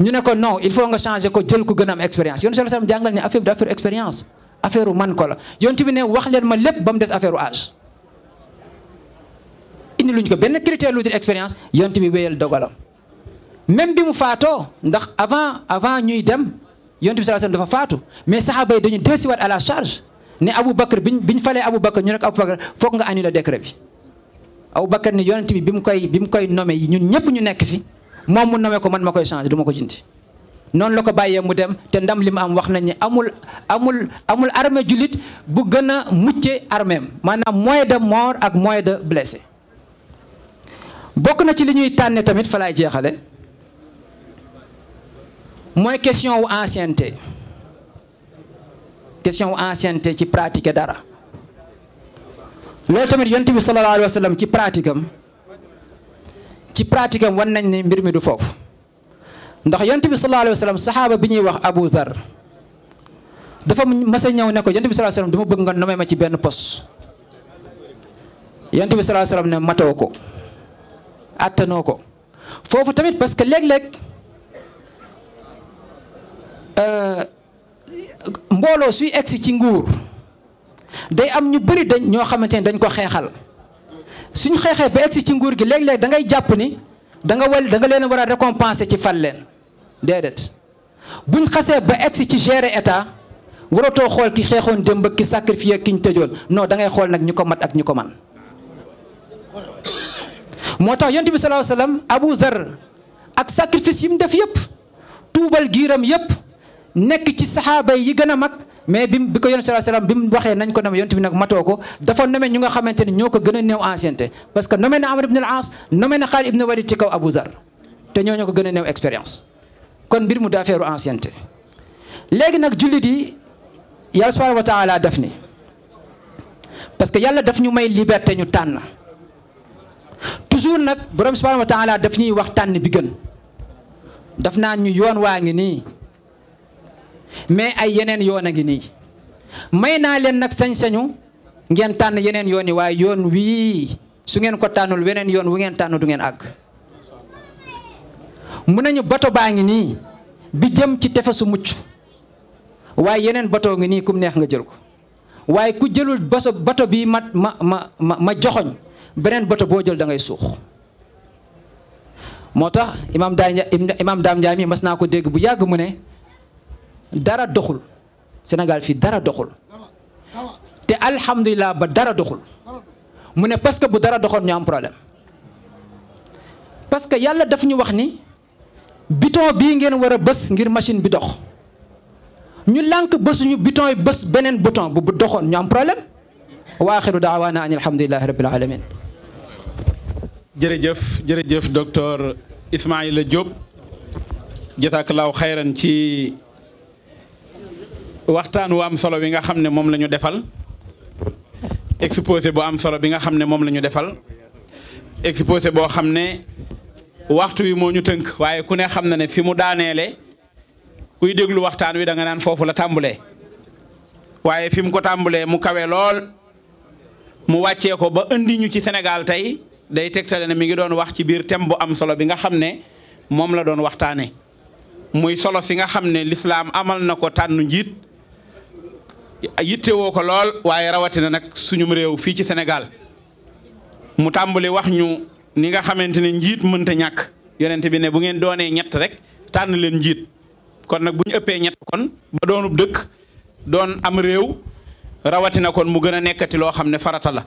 Speaker 4: ñu ne ko non il faut nga changer ko jël ko gën a am expérience yonent bi salaa salaam jàngal ne affaire bi affaire expérience affaire man ko la yonent bi ne wax leen ma lépp ba mu des affaire âge indi luñ ko benn criter lu dul expérience yonent bi wéyal dogalam. même bi mu faatoo ndax avant avant ñuy dem yonent bi sallallahu alayhi wasallam dafa faatu mais saxaaba yi dañu dellusiwaat à la charge ne Abu Bakr bi ñu falee Abu Bakr ñu nekk Abu Bakr foog nga la décret bi Abu Bakr ni yonent bi bi mu koy bi mu koy nommé ñun ñëpp ñu nekk fi moom mu nommé ko man ma koy changé duma ko jindi noonu la ko bàyyee mu dem te ndam li ma am wax nañ ne amul amul amul armée jullit bu gën a mucce arméem maanaam moyen de mort ak moyen de blessé bokk na ci li ñuy tànne tamit fa laay jeexale mooy question wu ancienneté question wu ci pratique dara loolu tamit yonent bi sallallahu alayhi ci pratique am ci pratique am wan nañ ni mbir mi du foofu ndax yonent bi sallallahu alayhi saxaaba bi ñuy wax Abu Zar dafa mës ñëw ne ko yonent bi sallallahu alayhi wa bëgg nga nommer ma ci benn pos yonent bi sallallahu alayhi ne matoo ko attanoo ko foofu tamit parce que léeg-léeg. Euh, mbooloo suy egsi ci nguur day am ñu bëri dañ ñoo xamante ni dañ ko xeexal suñ xeexee ba egsi ci nguur gi léeg-léeg da ngay jàpp ni da nga wal da nga leen war a récompenser ci fal leen déedéet buñ xasee ba egsi ci gérer état waratoo xool ki xeexoon démb ak ki sacrifié ki ñu tëjoon non da ngay xool nag ñu ko mat ak ñu ko man moo tax yonent bi salaahu salaam Abu Zar ak sacrifice yi mu def yëpp tuubal giiram yëpp. nekk ci saxaaba yi gën a mag mais bi bi ko yonent sallallahu alayhi bi mu waxee nañ ko nome yonent bi nag matoo ko dafa nome ñu nga xamante ne ñoo ko gën a néew ancienneté parce que nome na Amr ibn al-As na Khalid ibn Walid ci kaw Abu Zar te ñoo ñoo ko gën a néew expérience kon mbir mu daa feeru ancienneté léegi nag jullit yi yàlla subhanahu wa taala daf ni parce que yàlla daf ñu may liberté ñu tànn toujours nag borom subhanahu wa taala daf ñuy wax tànn bi gën daf naan ñu yoon waa ngi nii mais ay yeneen yoon a ngi nii may naa leen nag sañ-sañu ngeen tànn yeneen yoon yi waaye yoon wii su ngeen ko tànnul weneen yoon wu ngeen tànn du ngeen àgg mu nañu bato baa ngi nii bi jëm ci tefesu mucc waaye yeneen bato ngi nii kum neex nga jël ko waaye ku jëlul baso bato bii ma ma ma ma joxoñ beneen bato boo jël dangay ngay suux moo tax imaam daam imaam daam Njaay mi mas naa ko dégg bu yàgg mu ne dara doxul Sénégal fii dara doxul te alhamdulilah ba dara doxul mu ne parce que bu dara doxoon ñu am problème parce que yàlla daf ñu wax ni biton bi ngeen war a bës ngir machine bi dox ñu lànk bësuñu biton yi bës beneen bouton bu bu doxoon ñu am problème wa axiru daawaana an alhamdulilahi rabil alamin
Speaker 3: jërëjëf jërëjëf docteur Ismaïla Diop jazakallahu xayran ci waxtaan wu am solo bi nga xam ne moom la ñu defal exposé bu am solo bi nga xam ne moom la defal exposé boo xam ne waxtu wi mooñu tënk waaye ku ne xam na ne fi mu daaneele kuy déglu waxtaan wi danga naan foofu la tàmbulee waaye fi mu ko tàmbulee mu kawe lool mu wàccee ko ba indi ñu ci Sénégal tey day tegtale ne mi ngi doon wax ci biir thème bu am solo bi nga xam ne moom la doon waxtaane muy solo si nga xam ne lislaam amal na ko tànnu njiit a yittewoo ko lool waaye rawatina nag suñum réew fii ci Sénégal mu tàmbali wax ñu ni nga xamante ne njiit mënta ñàkk yonent bi ne bu ngeen doonee ñett rek tànn leen njiit kon nag bu ñu ëppee ñett kon ba doonub dëkk doon am réew rawatina kon mu gën a nekkati loo xam ne farata la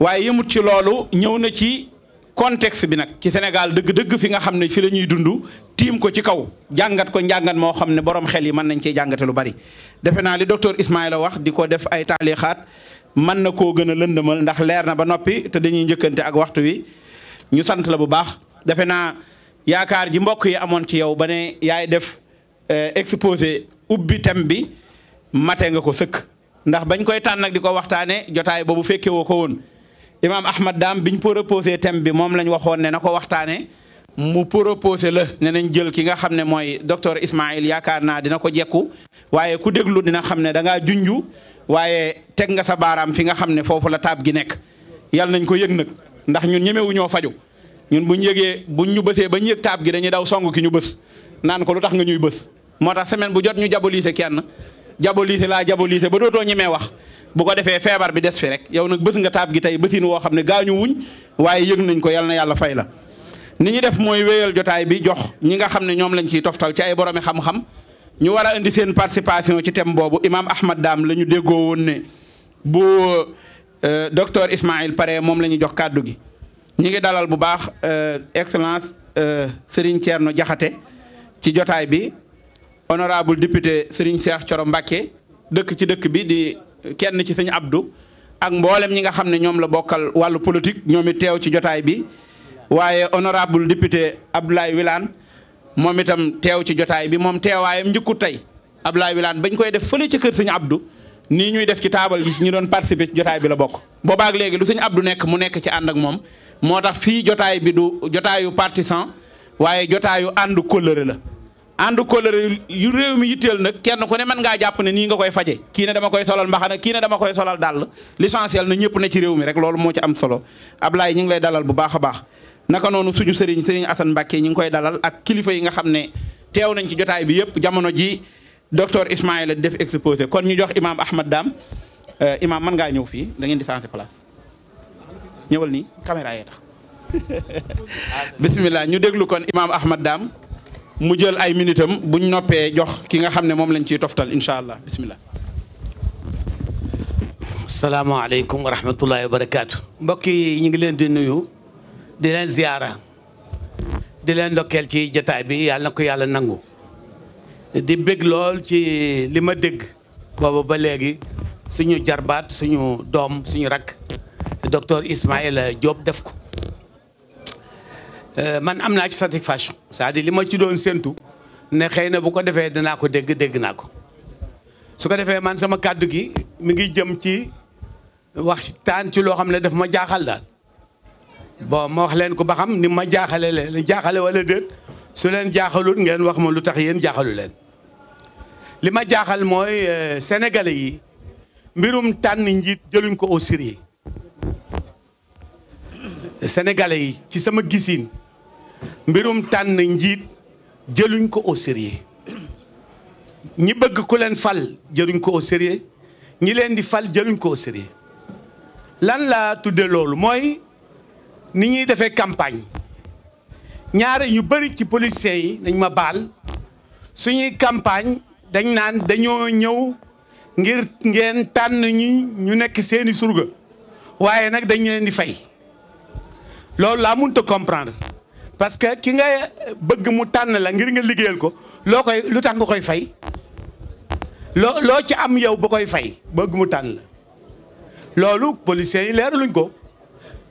Speaker 3: waaye yëmut ci loolu ñëw na ci contexte bi nag ci Sénégal dëgg-dëgg fi nga xam ne fi la ñuy dund tiim ko ci kaw jàngat ko njàngat moo xam ne boroom xel yi mën nañ cee jàngate lu bari. defe naa li docteur Ismaïla wax di ko def ay taalixaat mën na koo gën a lëndëmal ndax leer na ba noppi te dañuy njëkkante ak waxtu wi ñu sant la bu baax defe naa yaakaar ji mbokk yi amoon ci yow ba ne yaay def eh, exposé ubbi thème bi mate nga ko sëkk. ndax bañ koy tànn nag di ko waxtaanee jotaay boobu fekke woo ko woon imaam Ahmad Daam biñ proposé thème bi moom lañ waxoon ne na ko waxtaanee. mu pour proposé la ne nañ jël ki nga xam ne mooy docteur Ismaïl yaakaar naa dina ko jekku waaye ku déglu dina xam ne da ngaa junju waaye teg nga sa baaraam fi nga xam ne foofu la taab gi nekk yàlla nañ ko yëg nag ndax ñun ñemewu ñoo faju ñun buñ yëgee buñ ñu bësee ba ñu yëg gi dañuy daw song ki ñu bës naan ko lu tax nga ñuy bës moo tax semaine bu jot ñu kenn jabolise laa jabolise ba dootoo ñemee wax bu ko defee feebar bi des fi rek yow nag bës nga taab gi tey bësin woo xam ne gaañu waaye yëg nañ ko yàlla na yàlla fay la ni ñu def mooy wéyal jotaay bi jox ñi nga xam ne ñoom lañ ciy toftal ci ay boromi xam-xam ñu war a indi seen participation ci thème boobu imaam Ahmad daam la ñu déggoo woon ne bu euh, docteur Ismaïl Pare moom la ñu jox kàddu gi. ñi ngi dalal bu baax euh, excellence euh, Serigne Thierno Diakhaté ci jotaay bi honorable député Serigne Cheikh coro Mbacké dëkk ci dëkk bi di kenn ci sëñ Abdou ak mboolem ñi nga xam ne ñoom la bokkal wàllu politique ñoom it teew ci jotaay bi. waaye honorable député Abdoulaye wilaan moom itam teew ci jotaay bi moom teewaayam njëkkut tey Abdoulaye wilaan bañ koy def fële ci kër sëñ Abdou nii ñuy def ci taabal gi ñu doon participer jotaay bi la bokk. boobaak léegi lu sëñ Abdou nekk mu nekk ci ànd moom moo tax fii jotaay bi du jotaayu partisan waaye jotaayu ànd kóllëre la. ànd kóllëre yu réew mi yitteel nag kenn ku ne mën ngaa jàpp ne nii nga koy faje kii ne dama koy solal mbaxana kii ne dama koy solal dàll l'essentiel na ñëpp ne ci réew mi rek loolu moo ci am solo Ablaye ñu ngi lay dalal bu baax a baax. naka noonu suñu sëriñ sëriñ Assane Mbacke ñu ngi koy dalal ak kilifa yi nga xam ne teew nañ ci jotaay bi yëpp jamono ji docteur Ismaïla def exposé kon ñu jox imaam Ahmad Dam euh, imaam man ngaa ñëw fii da di changé place ñëwal ni caméra yee tax bisimilah ñu déglu kon imaam Ahmad daam mu jël ay minitam buñ noppee jox ki nga xam ne moom lañ ciy toftal incha allah bisimilah. salaamaaleykum wa rahmatullahi wa barakaatu. mbokk yi ñu ngi leen di nuyu. di leen ziyaara di leen ndokkeel ci jataay bi yàlla na ko yàlla nangu di bëgg lool ci li ma dégg boobu ba léegi suñu jarbaat suñu doom suñu rakk docteur Ismaïla Diop def ko euh, man am naa ci satisfaction c'est-à-dire li ma ci doon séntu ne xëy na bu ko defee dinaa ko dégg dégg naa ko su ko defee man sama kàddu gi mi ngi jëm ci waxtaan ci loo xam ne daf ma jaaxal daal bon ma wax leen ko ba xam ni ma jaaxale leen jaaxale wala déet su leen jaaxalul ngeen wax ma lu tax yéen jaaxalu leen li ma jaaxal mooy euh, sénégalais yi mbirum tànn njiit jëluñ ko au sérieux yi ci sama gisin mbirum tànn njiit jëluñ ko au ñi bëgg ku leen fal jëluñ ko au ñi leen di fal jëluñ ko au lan laa tudde loolu mooy ni ñuy defee campagne ñaare ñu bëri ci policiers yi dañ ma baal suñuy campagne dañ naan dañoo ñëw ngir ngeen tànn ñu nekk seeni surga waaye nag dañ leen di fay loolu laa mënut comprendre parce que ki nga bëgg mu tànn la ngir nga liggéeyal ko loo koy lu tax nga koy fay loo loo ci am yow ba koy fay bëgg mu tànn la loolu policiers yi leer luñ ko.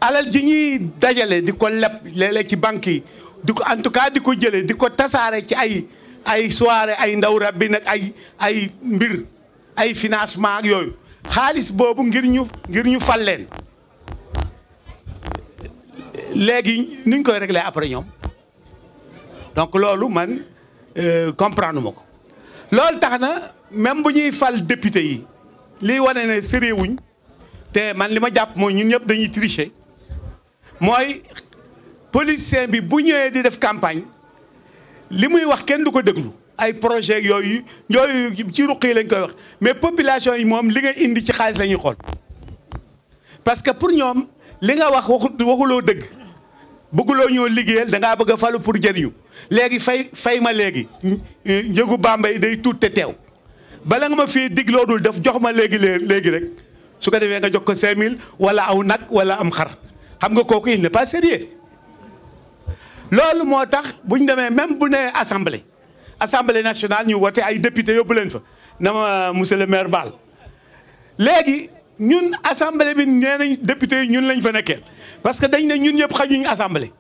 Speaker 3: alal ji ñuy dajale di ko leb léeg ci banque yi di ko en tout cas di ko jëlee di ko tasaare ci ay ay soirée ay ndaw rabbi nag ay ay mbir ay financement ak yooyu xaalis boobu ngir ñu ngir ñu fal leen léegi nuñ koy réglé après ñoom donc loolu man euh, comprendre ma ko loolu tax na même bu ñuy fal député yi liy wane ne sérieux wuñ te man li ma jàpp mooy ñun ñëpp dañuy tricher mooy politicien bi bu ñëwee di def campagne li muy wax kenn du ko déglu ay projet yooyu yooyu ci ruq yi lañ koy wax mais population yi moom li nga indi ci xaalis la ñuy xool parce que pour ñoom li nga wax waxu waxuloo dëgg bëgguloo ñoo liggéeyal da ngaa bëgg a falu pour jëriñu léegi fay fay ma léegi njëgu bamba yi day tuut te teew bala nga ma fi digloodul def jox ma léegi léegi rek su ko defee nga jox ko 5000 wala aw nag wala am xar xam nga kooku il n'est pas sérieux loolu moo tax bu ñu demee même bu nee assemblée assemblée nationale ñu wote ay député yóbbu leen fa na monsieur le maire Baal léegi ñun assemblée bi nee nañ yi ñun lañ fa nekkee parce que dañ ne ñun ñëpp xajuñ assemblée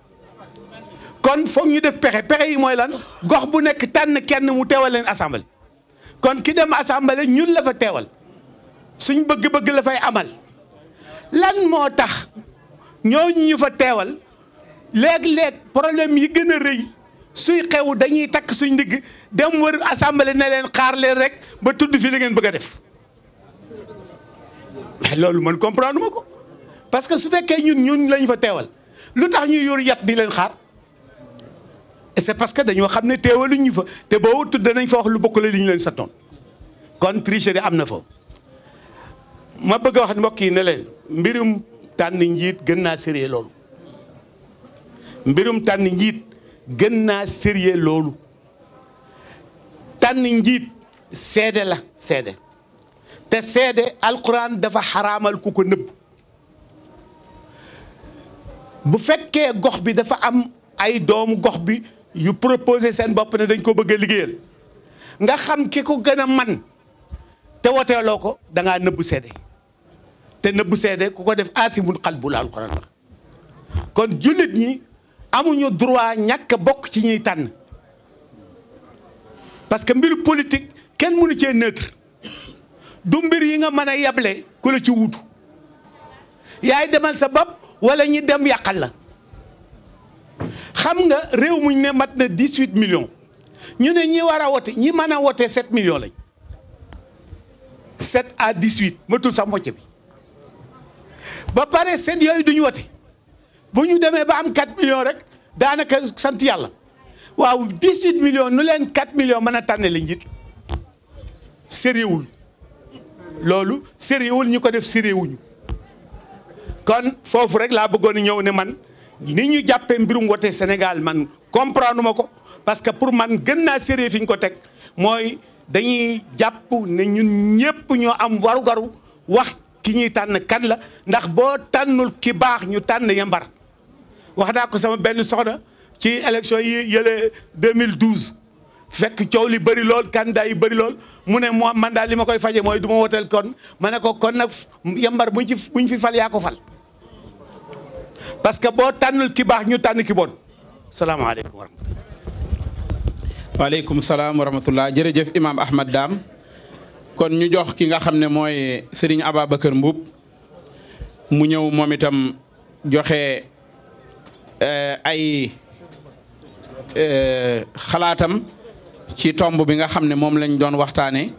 Speaker 3: kon foog ñu def pexe pexe yi mooy lan gox bu nekk tànn kenn mu teewal leen assemblée kon ki dem assemblée ñun la fa teewal suñ bëgg-bëgg la fay amal lan moo tax. ñooñu ñu fa teewal léeg-léeg problème yi gën a rëy suy xew dañuy takk suñ ndigg dem wër assemblée ne leen xaar leen rek ba tudd fi la ngeen bëgg a def loolu man comprendre ma ko parce que su fekkee ñun ñun lañu fa teewal lu tax ñuy yor yat di leen xaar et c'est parce que dañoo xam ne teewaluñ ñu fa te boobu tudd nañ fa wax lu bokkule li ñu leen sattoon kon tricherie am na fa ma bëgg a wax mbokk yi ne leen mbirum. tànn njiit gën naa sérieux loolu mbirum tànn njiit gën naa sérieux loolu tànn njiit seede la seede te seede alquran dafa xaraamal ku ko nëbb bu fekkee gox bi dafa am ay doomu gox bi yu proposé seen bopp ne dañ ko bëgg a liggéeyal nga xam ki ko gën a man te woteeloo ko da ngaa nëbb te nëbb seede ku ko def aasimun xal bu la alxuraan wax kon jullit ñi amuñu droit ñàkk bokk ci ñuy tànn parce que mbiru politique kenn mënu cee neutre du mbir yi nga mën a yable ku la ci wutu yaay demal sa bopp wala ñi dem yàqal la xam nga réew muñ ne mat na dix-huit millions ñu ne ñi war a wote ñi mën a wote sept millions lañ sept à dix-huit matul sax mocc bi ba pare seen yooyu du ñu wote bu ñu demee ba am 4 million rek daanaka sant yàlla waaw 18 million nu leen 4 millions mën a tànne la njiit sériwul loolu sériwul ñu ko def séréwuñu kon foofu rek laa bëggoon ñëw ne man ni ñu jàppee mbirum wote Sénégal man comprendre ma ko parce que pour man gën naa sérieux fi ñu ko teg mooy dañuy jàpp ne ñun ñëpp ñoo am warugaru wax ki ñuy tànn kan la ndax boo tànnul ki baax ñu tànn yambar wax naa ko sama benn soxna ci élection yi yële 2012 fekk coow li bari lool candidat yi bari lool mu ne moo man daal li ma koy faje mooy du ma woteel kon ma ne ko kon nag yambar buñ ci buñ fi fal yaa ko fal parce que boo tànnul kibaax ñu tànn ki bon salaamaaleykum wa rahmatulah. waaleykum salaam wa rahmatulah jërëjëf Imaam Ahmad Dame. kon ñu jox ki nga xam ne mooy Serigne Ababacar mbub mu ñëw moom itam joxe eh, ay eh, xalaatam ci tomb bi nga xam ne moom lañ doon waxtaane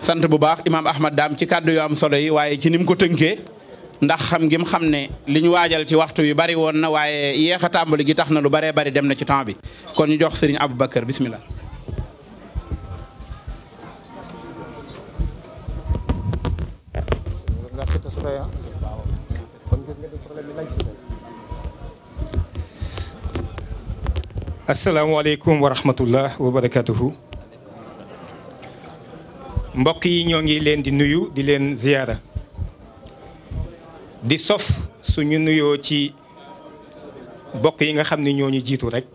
Speaker 3: sant bu baax imaam Ahmad Daam ci kàddu yu am solo yi waaye ci ni mu ko tënkee ndax xam ngim xam ne li ñu waajal ci waxtu bi bari woon na waaye yéex a tàmbali gi tax na lu baree bari dem na ci temps bi kon ñu jox Serigne Ababacar bismillah laajte
Speaker 5: su doy wa rahmatullah wa barakaatuhu. mbokk yi ñoo ngi leen di nuyu di leen ziyaara di sof suñu nuyoo ci mbokk yi nga xam ni ñoo ñu jiitu rek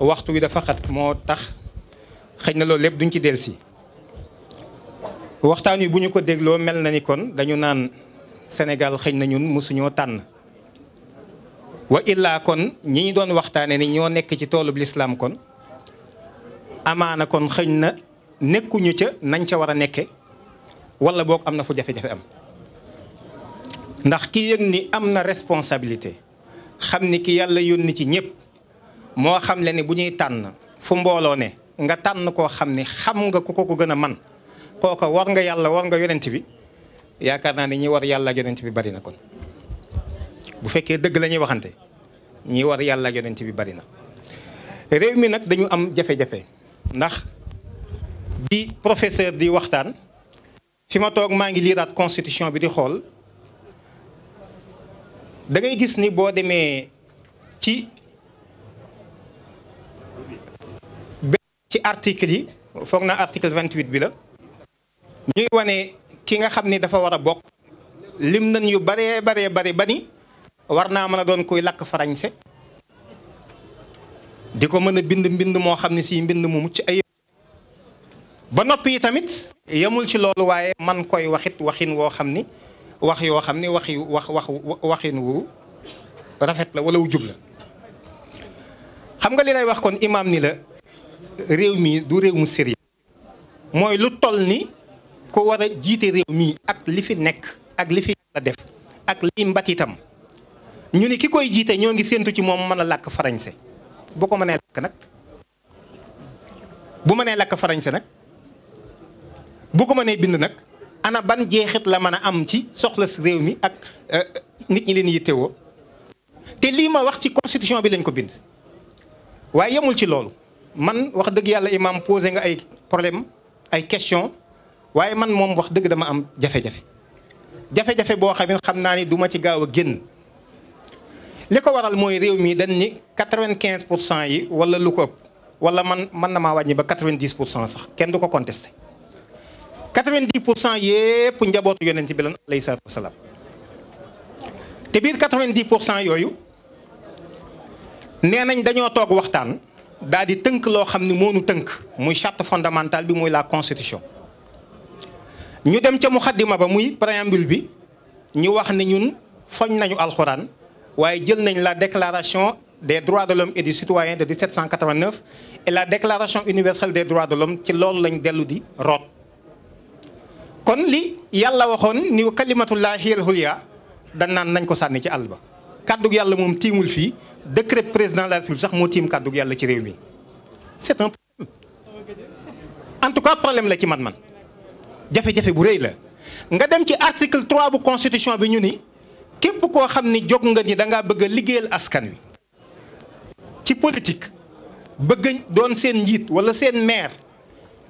Speaker 5: waxtu wi dafa xat moo tax xëy na loolu lépp duñ ci delsi waxtaan wi bu ñu ko dégloo mel na ni kon dañu naan Sénégal xëñ nañu musuñoo tànn wa illaa kon ñi ñu doon waxtaane ni ñoo nekk ci toolub lislaam kon amaana kon xëñ na nekkuñu ca nañ ca war a nekke wala boog am na fu jafe-jafe am ndax ki yëg ni am na responsabilité xam ni ki yàlla yónni ci ñëpp moo xam le ni bu ñuy tànn fu mbooloo ne nga tànn koo xam ni xam nga ku ko ko gën a man kooka war nga yàlla war nga yonent bi yaakaar naa ne ñi war yàlla ak yonent bi bari na kon bu fekkee dëgg lañuy waxante ñi war yàlla ak yonent bi bari na réew mi nag dañu am jafe-jafe ndax di professeur di waxtaan fi ma toog maa ngi liiraat constitution bi di xool da ngay gis ni boo demee ci ci article yi foog naa article 28 bi la ñuy wane ki nga xam ni dafa war a bokk lim nañ yu baree baree bari ba ni war naa mën a doon koy lakk farañse di ko mën a bind mbind moo xam ne si mbind mu mucc ay ba noppi tamit yamul ci loolu waaye man koy waxit waxin woo xam ni wax yoo xam ni wax yu wax waxin wu rafet la wala wu jub la xam nga li lay wax kon imaam ni la réew mi du réew mu sérieux mooy lu toll ni ko war a jiite réew mii ak li fi nekk ak li fi la def ak li mbatitam ñu ni ki koy jiite ñoo ngi séentu ci moom mën a làkk farañse boo ko mënee làkk nag bu mënee làkk farañse nag bu ko mënee bind nag ana ban jeexit la mën a am ci soxla réew mi ak euh, nit ñi leen yittewoo te lii ma wax ci constitution bi lañ ko bind waaye yemul ci loolu man wax dëgg yàlla imaam posé nga ay problème ay question waaye man moom wax dëgg dama am jafe-jafe jafe boo xam ne xam naa ni duma ci gaaw a génn li ko waral mooy réew mii dañ ni quatre-vingt-quinze pour cent yi wala lu ko ëpp wala man mën na maa wàññi ba quatre pour cent sax kenn du ko contesté quatre-vingt-dix pour cent yépp njabootu yonent bi lan alayhi salaatu wasalaam te biir quatre pour cent yooyu nee nañ dañoo toog waxtaan daal di tënk loo xam ne moonu tënk muy charte fondamentale bi mooy la constitution ñu dem ca muxaddima ba muy préambule bi ñu wax ni ñun foñ nañu alxuraan waaye jël nañ la déclaration des droits de l'homme et du citoyen de 1789 et la déclaration universelle des droits de l'homme ci loolu lañ dellu di root kon li yàlla waxoon ni kalimatullahi al-hulya dan naan nañ ko sànni ci àll ba kàddug yàlla moom tiimul fii décret président de la république sax moo tiim kàddug yàlla ci réew mi c'est en tout cas problème la ci man man jafe-jafe bu rëy la nga dem ci article trois bu constitution bi ñu ni képp koo xam ni jóg nga ni da ngaa bëgg a liggéeyal askan wi ci politique bëgg doon seen njiit wala seen maire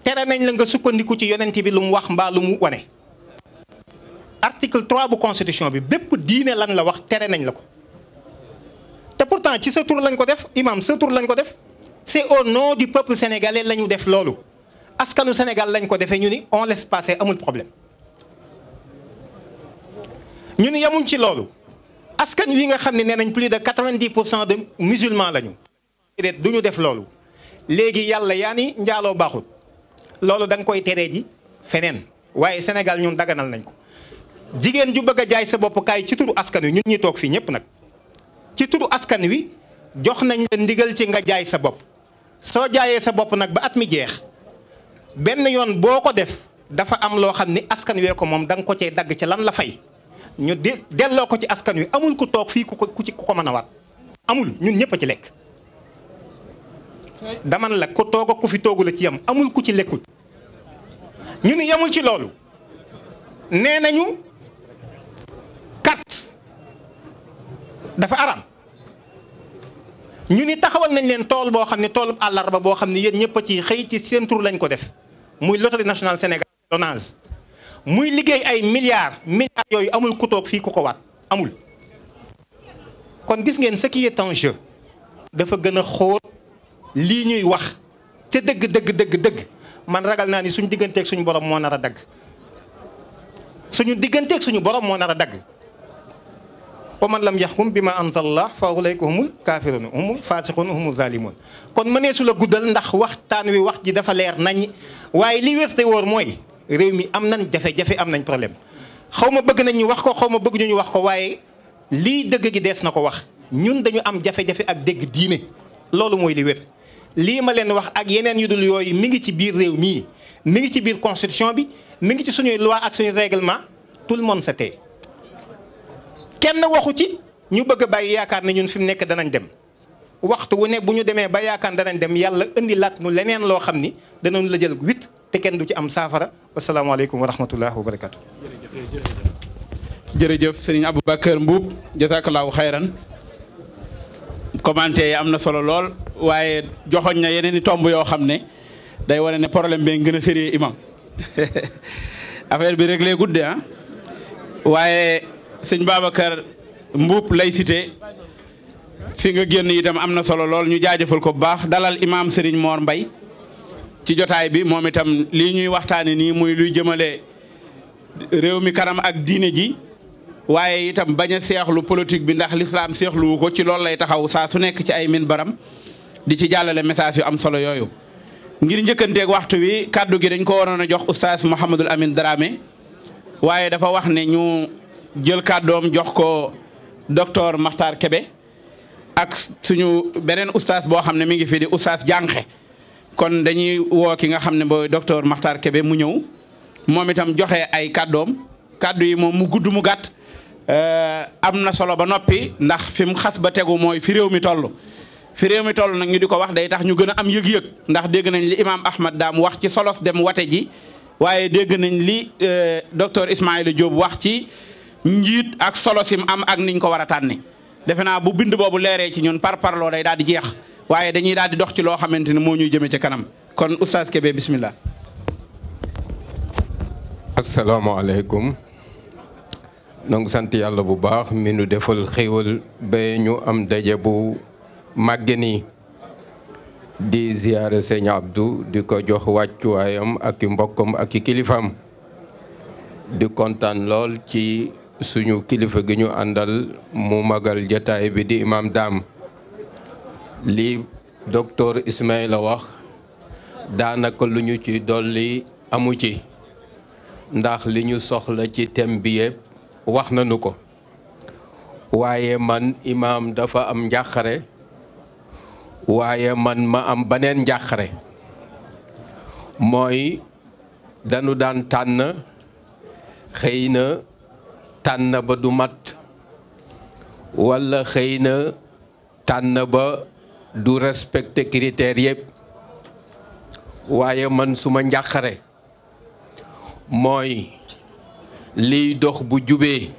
Speaker 5: tere nañ la nga sukkandiku ci yonent bi lu mu wax mbaa lu mu wane. article 3 bu constitution bi bépp diine lan la wax tere nañ la ko te pourtant ci sa tour lañ ko def imam sa tur lañ ko def c'est au nom du peuple sénégalais la ñu def loolu. askanu Sénégal lañ ko defee ñu ni on laisse passer amul problème ñu ni yemuñ ci loolu askan wi nga xam ne nee nañ plus de quatre vingt pour cent de musulmans lañu. déedéet du ñu def loolu léegi yàlla yaa ni njaaloo baaxul loolu da nga koy teree ji feneen waaye senegal ñoom daganal nañ ko jigéen ju bëgg a jaay sa bopp kaay ci turu askan wi ñu ñi toog fii ñëpp nag ci turu askan wi jox nañ la ndigal ci nga jaay sa bopp soo jaayee sa bopp nag ba at mi jeex. benn yoon boo ko def dafa am loo xam ni askan wee ko moom da nga ko cee dagg ci lan la fay ñu delloo ko ci askan wi amul ku toog fii ku ko ku ci ku ko mën a waat amul ñun ñëpp a ci lekk. dama la ku toog ak ku fi toogu la ci yam amul ku ci lekkut ñu ni yamul ci loolu nee nañu carte dafa aram ñu ni taxawal nañ leen tool boo xam ne toolub àllarba boo xam ne yéen ñëpp a xëy ci seen tur lañ ko def muy loterie national Sénégal LONASE muy liggéey ay milliards milliards yooyu amul ku toog fii ku ko waat amul. kon gis ngeen ce qui est dafa gën a xóot lii ñuy wax te dëgg dëgg dëgg dëgg man ragal naa ni suñu digganteeg suñu borom moo nar a dagg suñu digganteeg suñu borom moo nar a dagg. wa man lam yaxkum bi ma anzalallah fa ulayka humul kaafiruun humul faasiquun humul zaalimuun kon mënee su la guddal ndax waxtaan wi wax ji dafa leer nañ waaye li wér te woor mooy réew mi am nañ jafe-jafe am nañ problème xaw ma bëgg nañ ñu wax ko xaw ma bëgg nañu wax ko waaye lii dëgg gi dees na ko wax ñun dañu am jafe-jafe ak dégg diine loolu mooy li wér lii ma leen wax ak yeneen yu dul yooyu mi ngi ci biir réew mii mi ngi ci biir constitution bi mi ngi ci suñuy loi ak suñuy règlement tout le monde se tait kenn waxu ci ñu bëgg a bàyyi yaakaar ne ñun fi mu nekk danañ dem waxtu wu ne bu ñu demee ba yaakaar danañ dem yàlla indi laat nu leneen loo xam ni danañ la jël huit te kenn du ci am saafara wasalaamaaleykum wa rahmatullah wa barakatu
Speaker 3: jërëjëf sëriñ Aboubacar Mbuub jazakallahu xayran commenté yi am na solo lool waaye joxoñ na yeneen i tomb yoo xam ne day wane ne problème bi gën a sérieux imam affaire bi réglé gudde ah waaye sëñ Babacar Mbuup lay cité fii nga génn itam am na solo lool ñu jaajëfal ko bu baax dalal imaam Serigne Mor Mbay ci jotaay bi moom itam lii ñuy waxtaane nii muy luy jëmale réew mi kanam ak diine ji waaye itam bañ a seexlu politique bi ndax lislaam seexluwu ko ci loolu lay taxaw saa su nekk ci ay min baram di ci jàllale message yu am solo yooyu ngir njëkkanteeg waxtu wi kàddu gi dañ ko waroon a jox oustaz Mouhamadul Amin Dramé waaye dafa wax ne ñu jël kaddoom jox ko docteur maxtar Kebe ak suñu beneen oustaz boo xam ne mi ngi fi di oustaz jànqe kon dañuy woo ki nga xam ne mooy docteur maxtar Kebe mu ñëw moom itam joxe ay kàddoom kàddu yi moom mu gudd mu gàtt euh, am na solo ba noppi ndax fi mu xas ba tegu mooy fi réew mi toll. fi réew mi toll nag ñu di ko wax day tax ñu gën a am yëg-yëg ndax dégg nañ li imaam Ahmad daam wax ci solos dem wate ji waaye dégg nañ li euh, docteur Ismaïla Diop wax ci. njiit ak solo sim am ak niñ ko war a tànne defe naa bu bind boobu leeree ci ñun par parloo day daal di jeex waaye dañuy daal di dox ci loo xamante ni moo ñuy jëme ci kanam kon oustaz Kébé
Speaker 6: bismillah asalaamaaleykum donc sant yàlla bu baax mi nu defal ñu am daje bu màgge nii di ziyaare sëñ di ko jox wàccuwaayam ak ak i di kontaan lool ci suñu kilifa gi ñu àndal mu magal jataay bi di imam daam li docteur Ismaïla wax daanaka lu ñu ci dolli amu ci ndax li ñu soxla ci thème bi yëpp wax nañu ko waaye man imaam dafa am njàqare waaye man ma am beneen njàqare mooy dañu daan tànn xëy na tànn ba du mat walla xëy na tànn ba du respecter critères yépp waaye man suma njàqare mooy liy dox bu jubee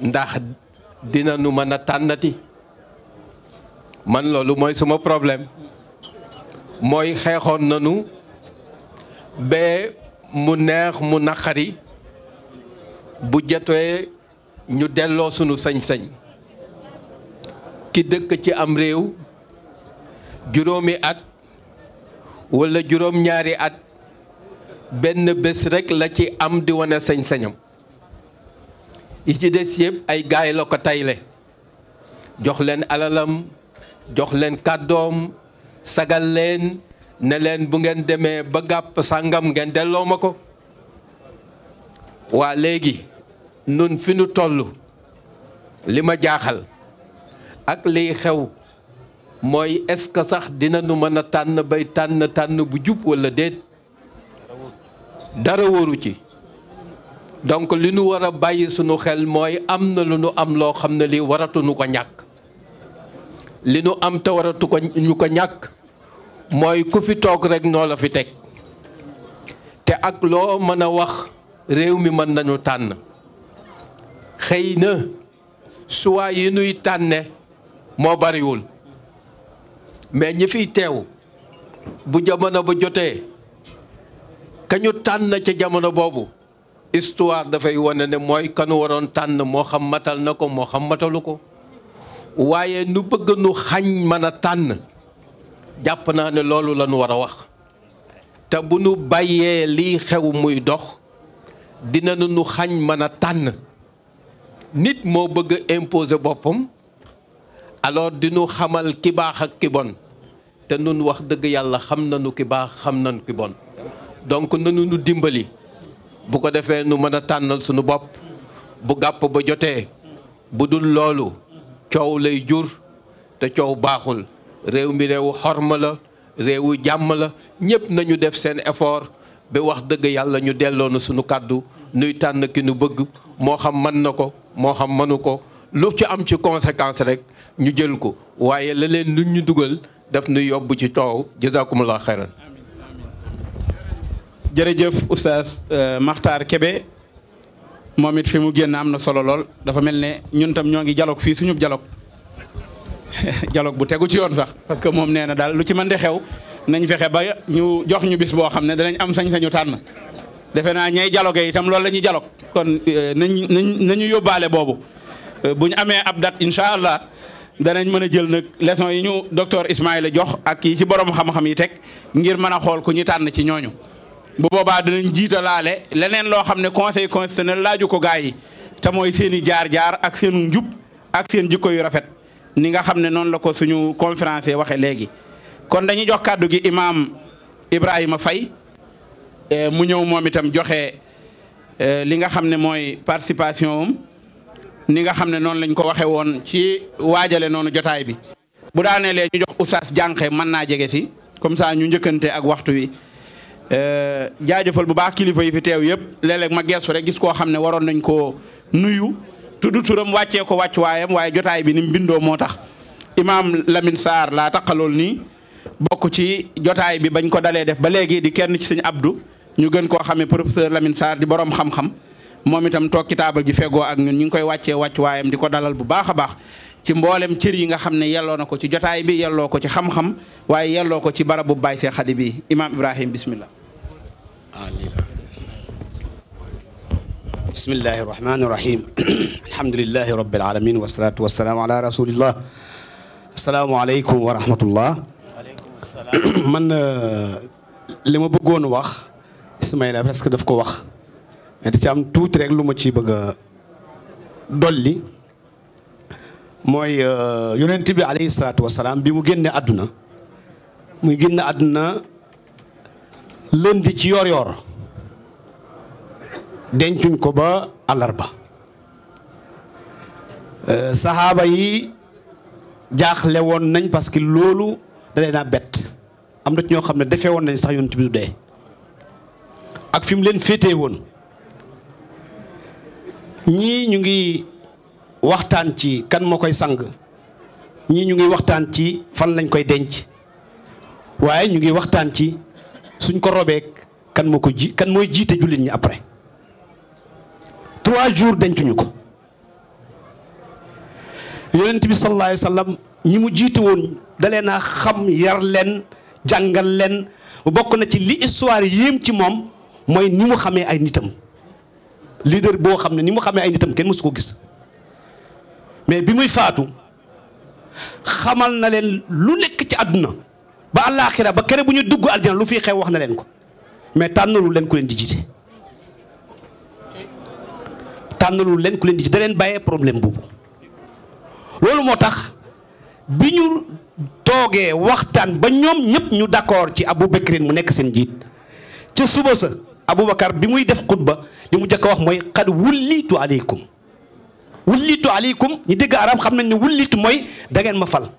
Speaker 6: ndax dina nu mën a tànnati man loolu mooy suma problème mooy xeexoon nanu ba mu neex mu naqari bu jotee ñu delloo sunu sañ-sañ ki dëkk ci am réew juróomi at walla juróom-ñaari at benn bés rekk la ci am di wane sañ-sañam yi ci des yépp ay gaay la ko tayle jox leen alalam jox leen kàddoom sagal leen ne leen bu ngeen demee ba gàpp sàngam ngeen delloo ma ko waa léegi nun fi nu toll li ma jaaxal ak liy xew mooy est-ce que sax dina nu mën a tànn bay tànn tànn bu jub walla déet dara waru ci donc li nu war a bàyyi sunu xel mooy am na lu nu am loo xam ne li waratuñu ko ñàkk li nu am te waratu ko ñu ko ñàkk mooy ku fi toog rekk noo la fi teg te ak loo mën a wax réew mi mën nañu tànn xëy na choix yi nuy tànne moo bariwul mais ñi fiy teew bu jamono ba jotee kañu ñu tànn ca jamono boobu histoire dafay wane ne mooy kanu waroon tànn moo xam matal na ko moo xam matalu ko waaye nu bëgg nu xañ mën a tànn jàpp naa ne loolu la ñu war a wax te bu nu bàyyee liy xew muy dox dina nu xañ mën a tànn nit moo bëgg a imposer boppam alors dinu xamal ki baax ak ki bon te nun wax dëgg yàlla xam nañu ki baax xam nañu ki bon donc nu nu dimbali bu ko defee nu mën a tànnal sunu bopp bu gàpp ba jotee bu dul loolu coow lay jur te coow baaxul réew mi réewu xorma la réewu jàmm la ñépp nañu def seen effort ba wax dëgg yàlla ñu delloo na suñu kàddu nuy tànn ki nu bëgg moo xam man na ko moo xam mënu ko lu ci am ci conséquence rek ñu jël ko waaye la leen nu ñu dugal def nu yóbbu ci toow jazakumullah xeral jërëjëf oustaz euh, Makhtar kebe moom
Speaker 3: it fi mu génn am na solo lool dafa mel ne ñun tam ñoo ngi dialogue fii suñu dialogue dialogue bu tegu ci yoon sax parce que moom nee na daal lu ci mën di xew nañ fexe ba ñu jox ñu bis boo xam ne danañ am sañ-sañu tànn defe naa ñay dialogue itam loolu la ñuy dialogue kon euh, nañ nañu yóbbaale boobu euh, bu ñu amee ab date incha allah danañ mën a jël nag leçon yi ñu docteur Ismaïla jox ak yi ci borom xam-xam yi teg ngir mën a xool ku ñu tànn ci ñooñu. bu boobaa danañ jiitalaale leneen loo xam ne conseil constitutionnel laaju ko gaa yi te mooy seen i jaar-jaar ak seen njub ak seen jikko yu rafet ni nga xam ne noonu la ko suñu conférencier waxee léegi. kon dañuy jox kàddu gi imaam Ibrahima Faye e, mu ñëw moom itam joxe e, li nga xam ne mooy participation am ni nga xam ne noonu lañ ko waxe woon ci waajale noonu jotaay bi bu daanelee ñu jox Oustaz Diankhe mën naa jege si comme ça ñu njëkkante ak waxtu wi e, jaajëfal bu baax kilifa yi fi teew yëpp léeg ma geesu rek gis koo xam ne waroon nañ koo nuyu tudd turam wàccee ko wàccuwaayam waaye jotaay bi ni mu bindoo moo tax imaam Lamine Sarr laa taqalool nii bokk ci jotaay bi bañ ko dalee def ba léegi di kenn ci sëñ Abdou ñu gën koo xamee professeur lamin Sarr di boroom xam-xam moom itam toog ci ji fegoo ak ñun ñu ngi koy wàccee wàcc waayam di ko dalal bu baax a baax ci mboolem cër yi nga xam ne yelloo na ko ci jotaay bi yelloo ko ci xam-xam waaye yelloo ko ci barabu Baay Seex Xadi bi imaam Ibrahim bismillah bismillahi rahmaani rahim alhamdulilahi rabbil alamin wasalaatu wasalaamu ala rasulillah asalaamu aleykum wa rahmatullah man euh, li ma bëggoon wax Ismaïla presque daf ko wax mais da ci am tuuti rek lu ma ci bëgg a dolli mooy euh, yonent bi alayhi salaatu wasalaam bi mu génnee àdduna muy génne àdduna lënd ci yoor yoor dencuñ ko ba àllarba euh, saxaaba yi jaaxle woon nañ parce que loolu da leen a am na ci ñoo xam ne defee woon nañ sax yonent bi du dee ak fi leen féetee woon ñii ñu ngi waxtaan ci kan moo koy sang ñii ñu ngi waxtaan ci fan lañ koy denc waaye ñu ngi waxtaan ci suñ ko robee kan moo ko ji kan mooy jiite jullit ñi après trois jours dencuñu ko yonent bi sallallahu alayhi ñi mu jiite woon dalee naa xam yar leen jàngal leen bokk na ci li histoire yéem ci moom mooy ni mu xamee ay nitam leader boo xam ne ni mu xamee ay nitam kenn mësu ko gis mais bi muy faatu xamal na leen lu nekk ci àdduna ba àllaaxira ba kere bu ñu dugg aljana lu fi xew wax na leen ko mais tànnalul leen ku leen di jiite tànnalul leen ku leen di jiite da bàyyee problème boobu loolu moo tax bi ñu toogee waxtaan ba ñoom ñëpp ñu d'accord ci abu Aboubacrin mu nekk seen jiit ca suba sa abu Aboubacar bi muy def xutba li mu jëkk a wax mooy xad wullitu aleykum wullitu aleykum ñi dégg arab xam nañ ne wullitu mooy da ngeen ma fal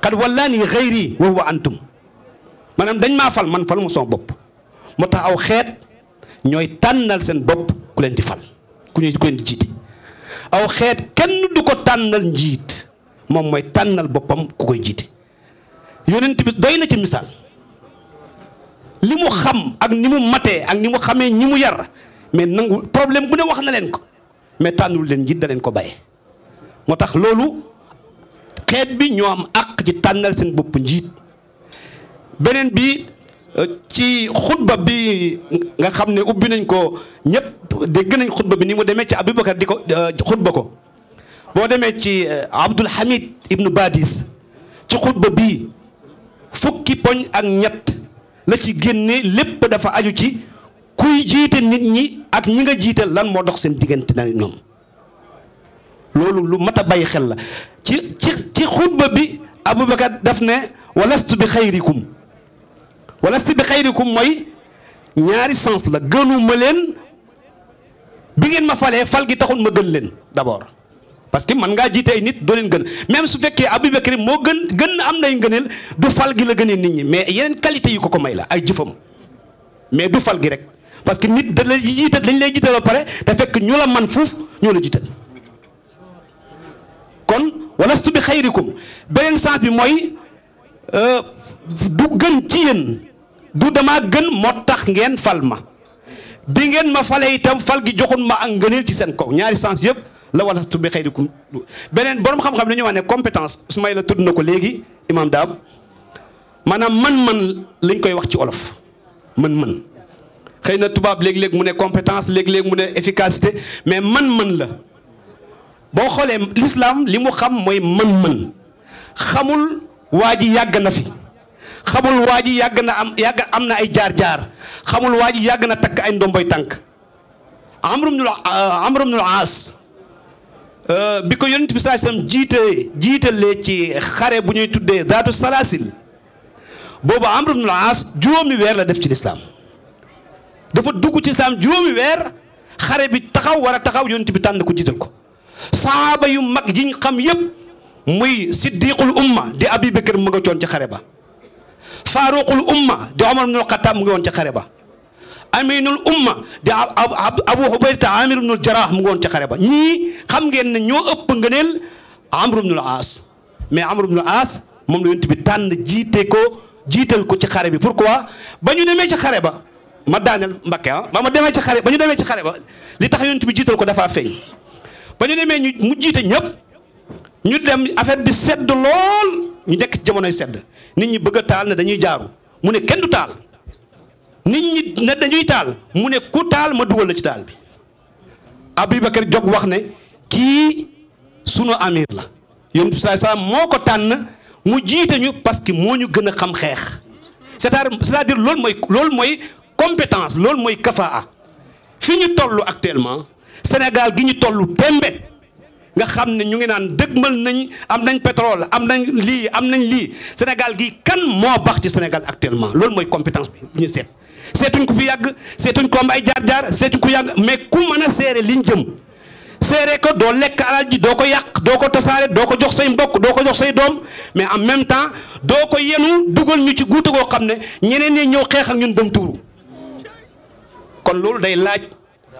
Speaker 3: xad wallaani xayri wa huwa antum maanaam dañ maa fal man faluma sama bopp moo tax aw xeet ñooy tànnal seen bopp ku leen di fal ku ñuy ku leen di jiiti aw xeet kenn du ko tànnal njiit moom mooy tànnal boppam ku koy jiite yonent bi doy na ci misaal li mu xam ak ni mu matee ak ni mu xamee ñi mu yar mais nangu problème bu ne wax na leen ko mais tànnul leen njiit da ko bàyyee moo tax loolu xeet bi ñoo am àq ci tànnal seen bopp njiit beneen bi euh, ci xutba bi nga xam ne ubbi nañ ko ñëpp dégg nañ xutba bi ni mu demee ci Abubakar di ko euh, xutba ko boo demee ci euh, Abdul Hamid Ibn Badis ci xutba bii fukki poñ ak ñett la ci génne lépp dafa aju ci kuy jiite nit ñi ak ñi nga jiital lan moo dox seen diggante nag ñoom loolu lu mat a bàyyi xel la ci ci ci xutba bi Aboubacar daf ne walastu bi xayrikum walastu bi xayrikum mooy ñaari sens la gënuma leen bi ngeen ma falee fal gi taxul ma gën leen d'abord parce que man ngaa jiite ay nit doo leen gën même su fekkee Aboubacry moo gën gën am nay ngëneel du fal gi la gënee nit ñi mais yeneen qualité yi ko ko may la ay jëfam mais du fal gi rek parce que nit da lay jiital dañ lay jiital ba pare te fekk ñu la man fuuf ñoo la jiital kon walastu bi xayrikum beneen sens bi mooy euh, du gën ci yéen du dama gën moo tax ngeen fal ma bi ngeen ma fale itam fal gi joxun ma ak ngëneel ci seen kaw ñaari sens yëpp la walastu bi xayrikum beneen borom xam-xam dañuy wax ne compétence Ismaïla tudd na ko léegi imam daam maanaam man mën lañ koy wax ci olof mën-mën xëy na tubaab léegi léeg mu ne compétence léegi léeg mu ne efficacité mais man mën la boo xoolee l'islam li mu xam mooy mën-mën xamul waa ji yàgg na fi xamul waa ji yàgg na am yàgg am na ay jaar-jaar xamul waa ji yàgg na takk ay ndomboy tànk amru bnul amru bnul aas Euh, bi ko yonent bi saa sam jiite jiitalee ci xare bu ñuy tuddee zaatu salaasil boobu amru bnul aas juróomi weer la def ci lislaam dafa dugg ci lislaam juróomi weer xare bi taxaw war a taxaw yonent bi tànn ko jiital ko saaba yu mag yiñ xam yépp muy siddiqul umma di abi bakar mu nga coon ci xare ba faaruqul umma di omar bnul xataab mu nga woon ci xare ba aminul umma di abu hubayta amir ibnul jarah mu ngoon woon ca xare ba ñii xam ngeen ne ñoo ëpp ngëneel amr ibnul aas mais amr ibnul aas moom la yonent bi tànn jiite ko jiital ko ci xare bi pour pourquoi ba ñu demee ci xare ba ma daaneel mbakke ah ba ma demee ci xare ba ñu demee ci xare ba li tax yonent bi jiital ko dafaa feeñ ba ñu demee ñu mu jiite ñëpp ñu dem affaire bi sedd lool ñu nekk ci jamonoy sedd nit ñi bëgg a taal na dañuy jaaru mu ne kenn du taal nit ñi ne dañuy taal mu ne ku taal ma dugal la ci taal bi Aboubacar jog wax ne kii sunu amir la yonent bi saai salaam moo ko tànn mu jiite ñu parce que moo ñu gën a xam xeex c'est-à-dire loolu mooy compétence loolu mooy kafaa fi ñu toll actuellement Sénégal gi ñu toll tembe nga xam ne ñu ngi naan dëgmal nañ am nañ pétrole am nañ lii am nañ lii Sénégal gi kan moo baax ci Sénégal actuellement loolu mooy compétence bi ñu seet seetuñ ko fi yàgg seetuñ ko am ay jaar-jaar seetuñ ko yàgg mais ku mën a seere liñ jëm seere ko doo lekk alal ji doo ko yàq doo ko tasaare doo ko jox say mbokk doo ko jox say doom mais en même temps doo ko yenu dugal ñu ci guutu goo xam ne ñeneen ñi ñëw xeex ak ñun dem tuuru kon loolu day laaj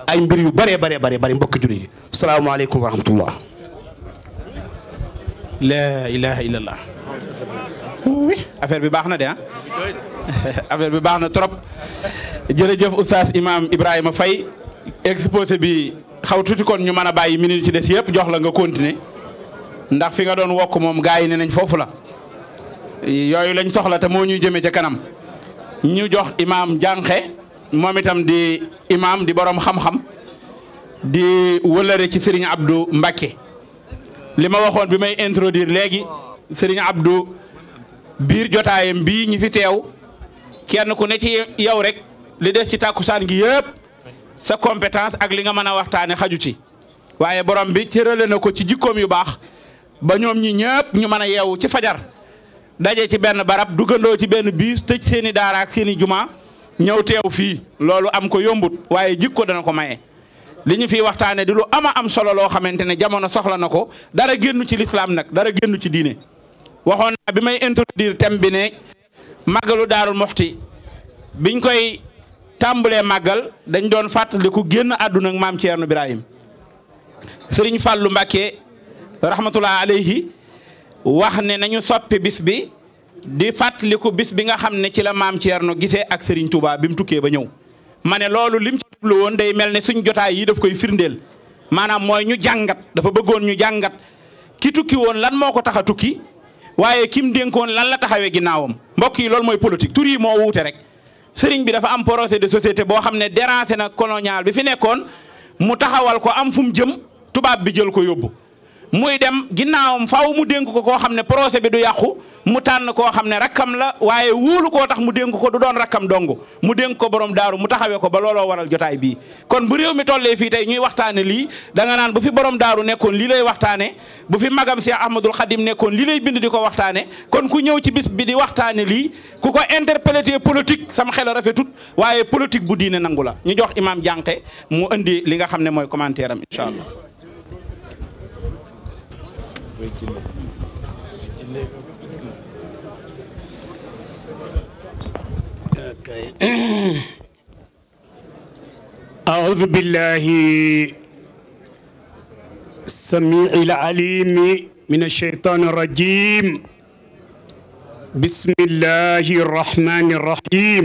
Speaker 3: ay mbir yu bare bare bare bare mbokki jullit yi salaamaaleykum wa rahmatullah la ilaha illallah bi baax na de ah affaire bi baax na trop jërëjëf oustaz imaam Ibrahima fay exposé bi xaw tuuti kon ñu mën a bàyyi minute ci des yëpp jox la nga continuer ndax fi nga doon wokk moom gars yi ne nañ foofu la yooyu lañ soxla te moo ñuy jëmee ca kanam ñu jox imam jànqe moom itam di imam di borom xam-xam di wëlëre ci Serigne Abdou Mbacke li ma waxoon bi may introduire léegi Serigne Abdou biir jotaayam bii ñi fi teew. kenn ku ne ci yow rek li des ci tàkkusaan gi yëpp sa compétence ak li nga mën a waxtaane xaju ci waaye borom bi cërale na ko ci jikkoom yu baax ba ñoom ñi ñëpp ñu mën a yeewu ci fajar daje ci benn barab dugandoo ci benn biis te seen i daara ak seen i juma ñëw teew fii loolu am ko yombut waaye jikko dana ko maye. li ñu fiy waxtaanee di lu ama am solo loo xamante ne jamono soxla na ko dara génnu ci lislaam nag dara génnu ci diine waxoon naa bi may introduire màggalu daarul moxti biñ koy tàmbalee màggal dañ doon fàttaliku génn àdduna ak maam Thierno Birahim sëriñ Fàllu Mbàkke rahmatullah alayhi wax ne nañu soppi bis bi di fàttaliku bis bi nga xam ne ci la maam no gisee ak sëriñ Touba bi mu tukkee ba ñëw ma ne loolu lim ci jublu woon day mel ne suñ jotaay yi daf koy firndeel maanaam mooy ñu jàngat dafa bëggoon ñu jàngat ki tukki lan moo ko tax a tukki waaye kim dénkoon lan la taxawee ginnaawam mbokk yi loolu mooy politique tur moo wuute rek sëriñ bi dafa am projet de société boo xam ne déranger na colonial bi fi nekkoon mu taxawal ko am fu mu jëm tubaab bi jël ko yóbbu muy dem ginnaawam faaw mu dénk ko koo xam ne procès bi du yàqu mu tànn koo xam ne rakkam la waaye wóolu koo tax mu dénk ko du doon rakkam dong mu dénk ko borom daaru mu taxawee ko ba looloo waral jotaay bii kon bu réew mi tollee fii tey ñuy waxtaane lii danga naan bu fi borom daaru nekkoon lii lay waxtaane bu fi magam Cheikh Ahmadul Khadim nekkoon lii lay bind di ko waxtaane kon ku ñëw ci bis bi di waxtaane lii ku ko interpellé politique sama xel rafetut waaye politique bu diine nangu la ñu jox imam jànqe mu indi li nga xam ne mooy commentaire am incha allah
Speaker 5: koy jinne
Speaker 7: jinne okay
Speaker 3: أعوذ بالله السميع العليم من الشيطان الرجيم بسم الله الرحمن الرحيم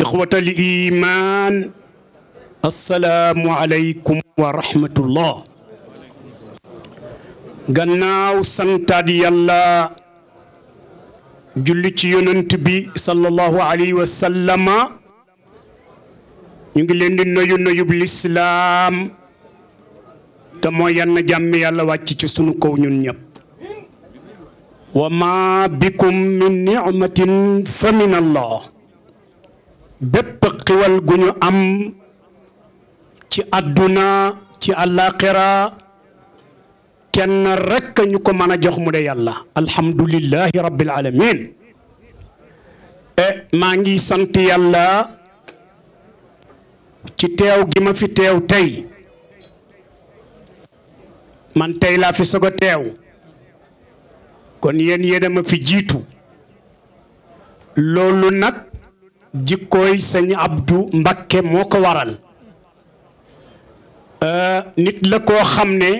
Speaker 3: إخوة الإيمان السلام عليكم ورحمة الله gannaaw santaat yàlla julli ci yonent bi sallallahu alayhi wa ñu ngi leen di nuyu nuyub lislaam te moo yann jàmm yàlla wàcc ci sunu kow ñun ñëpp wa ma bikum min nicmatin fa min allah bépp xiwal gu ñu am ci àdduna ci àllaaxira kenn rekk ñu ko mën a jox mu de yàlla alhamdulillahi rabbil alamin e maa ngi sant yàlla ci teew gi ma fi teew tey man tey laa fi soog teew kon yéen yéen ma fi jiitu loolu nag jikkooy sëñ Abdou Mbakke moo ko waral e, nit la koo xam ne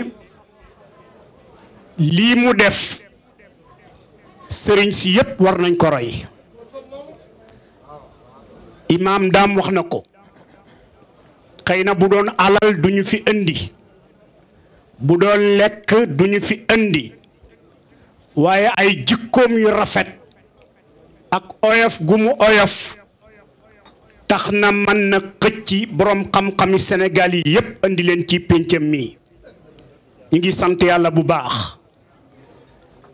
Speaker 3: lii mu def sëriñ si yépp war nañ ko rey imaam daam wax na ko xëy na bu doon alal duñu fi indi bu doon lekk duñu fi indi waaye ay jikkoom yu rafet ak oyof gu mu oyof tax na mën na xëcc boroom xam-xami Sénégal yi yépp indi leen ci péncam mi ñu ngi sant yàlla bu baax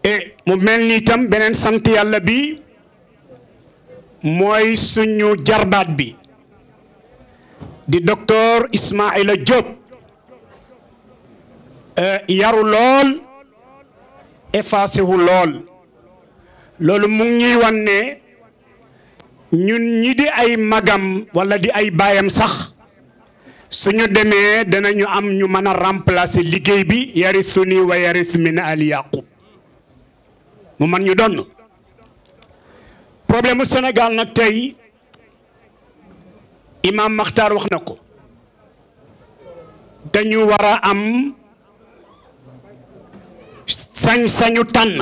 Speaker 3: Eh, mu mel ni tam beneen sant yàlla bi mooy suñu jarbaat bi di docteur Ismaïla Diop eh, yaru lool effacé lool loolu mu ngi ñuy ne ñun ñi di ay magam wala di ay baayam sax suñu demee danañu am ñu mën a remplacer liggéey bi yarisu ni wa yaris min al yaqub mu man ñu donn problème mu Sénégal nag tey Imam maxtar wax na ko dañu war a am sañ-sañu tànn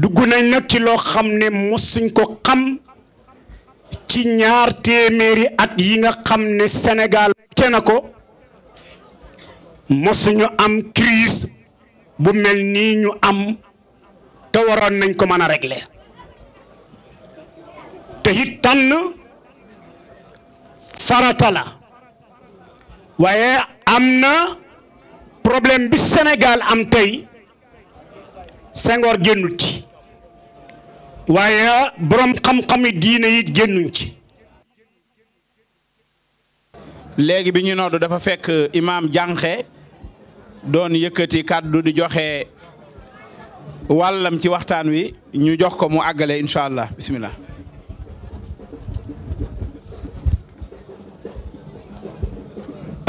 Speaker 3: dugg nañ na ci loo xam ne mosuñ ko xam ci ñaar téeméeri at yi nga xam ne Sénégal wàcce ko mosuñu am crise bu mel nii ñu am te waroon nañ ko mën a régler te it tànn farata waaye am na problème bi Sénégal am tey Senghor génnul ci waaye boroom xam-xami diine yi génnuñ ci. léegi bi ñu noddu dafa fekk imaam jànqe doon yëkkati kàddu di joxe wàllam ci waxtaan wi ñu jox ko mu àggale incha allah bisimilah.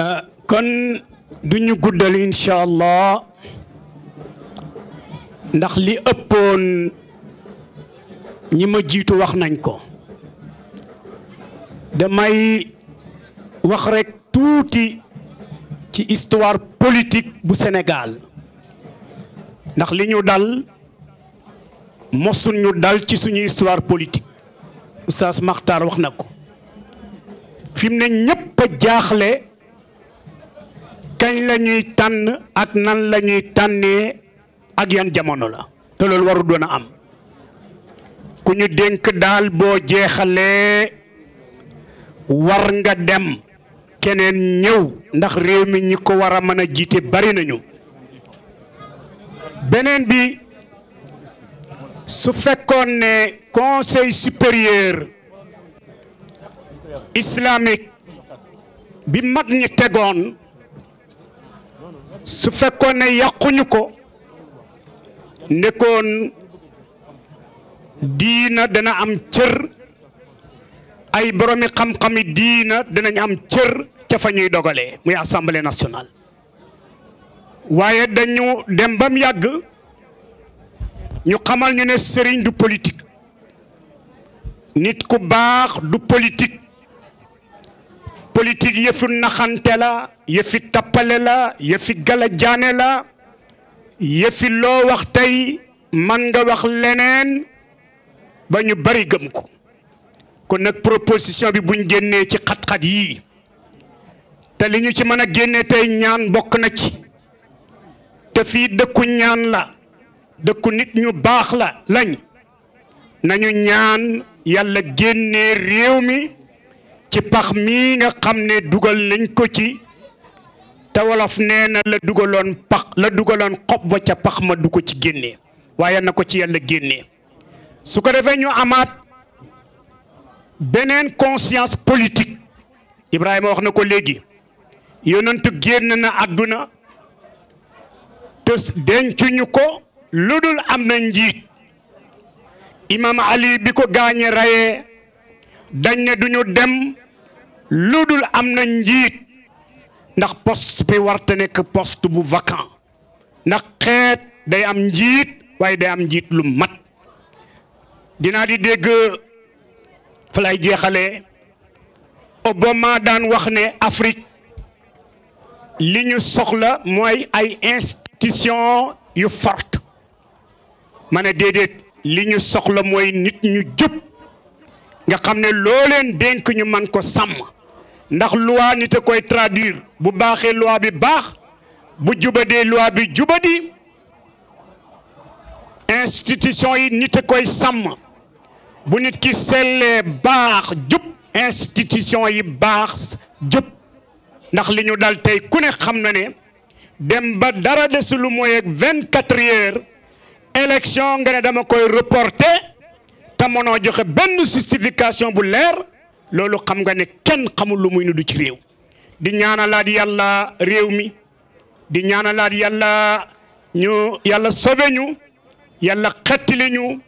Speaker 3: Euh, kon duñu guddal incha allah ndax li ëppoon ñima ma jiitu wax nañ ko damay wax rekk tuuti ci histoire politik bu Sénégal ndax li ñu dal mosul ñu dal ci suñuy histoire politik oustaz Makhtar wax na ko fi mu ne ñëpp jaaxle kañ lañuy tànn ak nan lañuy tànnee ak yan jamono la te loolu waru doon a am ku ñu dénk daal boo jeexalee war nga dem keneen ñëw ndax réew mi ñi ko war a mën a jiite bari nañu beneen bi su fekkoon ne conseil supérieur islamique bi mat ñi tegoon su fekkoon ne yàquñu ko nekkoon diina dana am cër ay boromi xam-xami diina danañ am cër ca fa ñuy dogalee muy assemblée nationale waaye dañu dem bam yàgg ñu xamal ñu ne sëriñ du politik nit ku baax du politik politik yëfu naxante la yëfi tappale la yëfi gala jaane la yëfi loo wax tey man nga wax leneen ba ñu bari gëm ko kon nag proposition bi buñ génnee ci xat-xat yii te li ñu ci mën a génne tey ñaan bokk na ci te fii dëkku ñaan la dëkku nit ñu baax la lañ nañu ñaan yàlla génnee réew mi ci pax mii nga xam ne dugal nañ ko ci te wolof nee na la dugaloon pax la dugaloon xob ba ca pax ma du ko ci génnee waaye na ko ci yàlla génnee su ko defee ñu amaat beneen conscience politique Ibrahima wax na ko léegi yonent génn na àdduna te dencuñu ko lu dul am na njiit imam ali bi ko gaañe rayee dañ ne duñu dem lu dul am na njiit ndax poste bi warte nekk poste bu vacant ndax xeet day am njiit waaye day am njiit lu mat dinaa di dégg fa lay jeexale Obama daan wax ne Afrique li ñu soxla mooy ay institution yu forte ma ne déedéet li ñu soxla mooy nit ñu jub nga xam ne loo dénk ñu man ko sàmm ndax luwaa nit a koy traduire bu baaxee loi bi baax bu jubadee loi bi jubadi institution yi nit a koy sàmm bu nit ki sellee baax jub institution yi baax jub ndax li ñu dal tey ku ne xam na ne dem ba dara desul lu mooy ak vingt quatre heures élection nga ne dama koy reporter te mënoo joxe benn justification bu leer loolu xam nga ne kenn xamul lu muy nu du ci réew. di ñaanalaat yàlla réew mi di ñaanalaat yàlla ñu yàlla sauvé ñu yàlla xettali ñu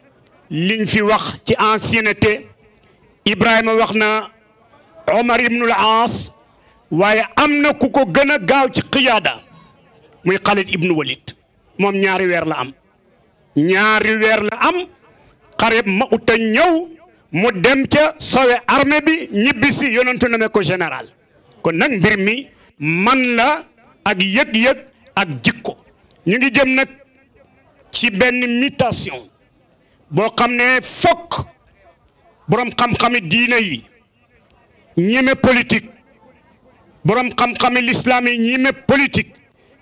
Speaker 3: liñ fi wax ci ancienneté Ibrahima wax na Omar ibnul Aas waaye am na ku ko gën a gaaw ci xiyaada muy Khalid ibnu Walid moom ñaari weer la am ñaari weer la am xareb ma uta ñëw mu dem ca sowe armée bi ñibbi si yonentu na me ko général kon nag mbir mi man la ak yëg-yëg ak jikko ñu ngi jëm nag ci benn mutation boo xam ne fokk boroom xam-xami diine yi ñeme politique borom xam-xami lislaam yi ñime politique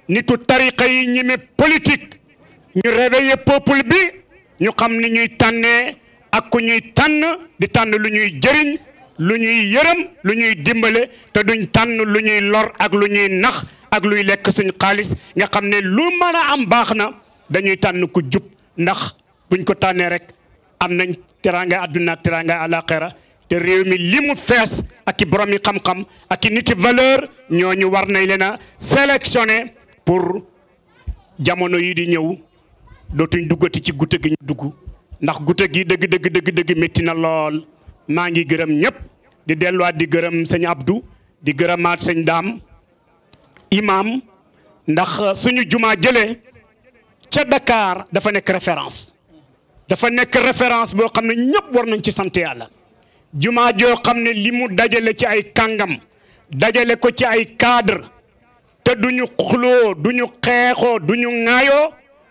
Speaker 3: nitu tariqa yi ñime politique ñu réveiller peuple bi ñu xam ni ñuy tànnee ak ku ñuy tànn di tànn lu ñuy jëriñ lu ñuy yërëm lu ñuy dimbale te duñ tànn lu ñuy lor ak lu ñuy nax ak luy lekk suñ xaalis nga xam ne lu mën am baax na dañuy tànn ku jub ndax buñ ko tànnee rek am nañ teraanga àdduna ak teraanga àllaaxira te réew mi li fees ak i borom yi xam-xam ak i niti valeur ñooñu war nañ leen a sélectionné pour jamono yi di ñëw dootuñ duggati ci gute gi ñu dugg ndax gute gi dëgg dëgg dëgg dëgg métti na lool maa ngi gërëm ñëpp di delluwaat di gërëm sëñ Abdou di gërëmaat sëñ Daam imam ndax suñu jumaa jëlee ca Dakar dafa nekk référence dafa nekk référence boo xam ne ñëpp war nañ ci sant yàlla jumaa joo xam ne li mu dajale ci ay kàngam dajale ko ci ay cadre te duñu xuloo duñu xeexoo du ñu ŋaayoo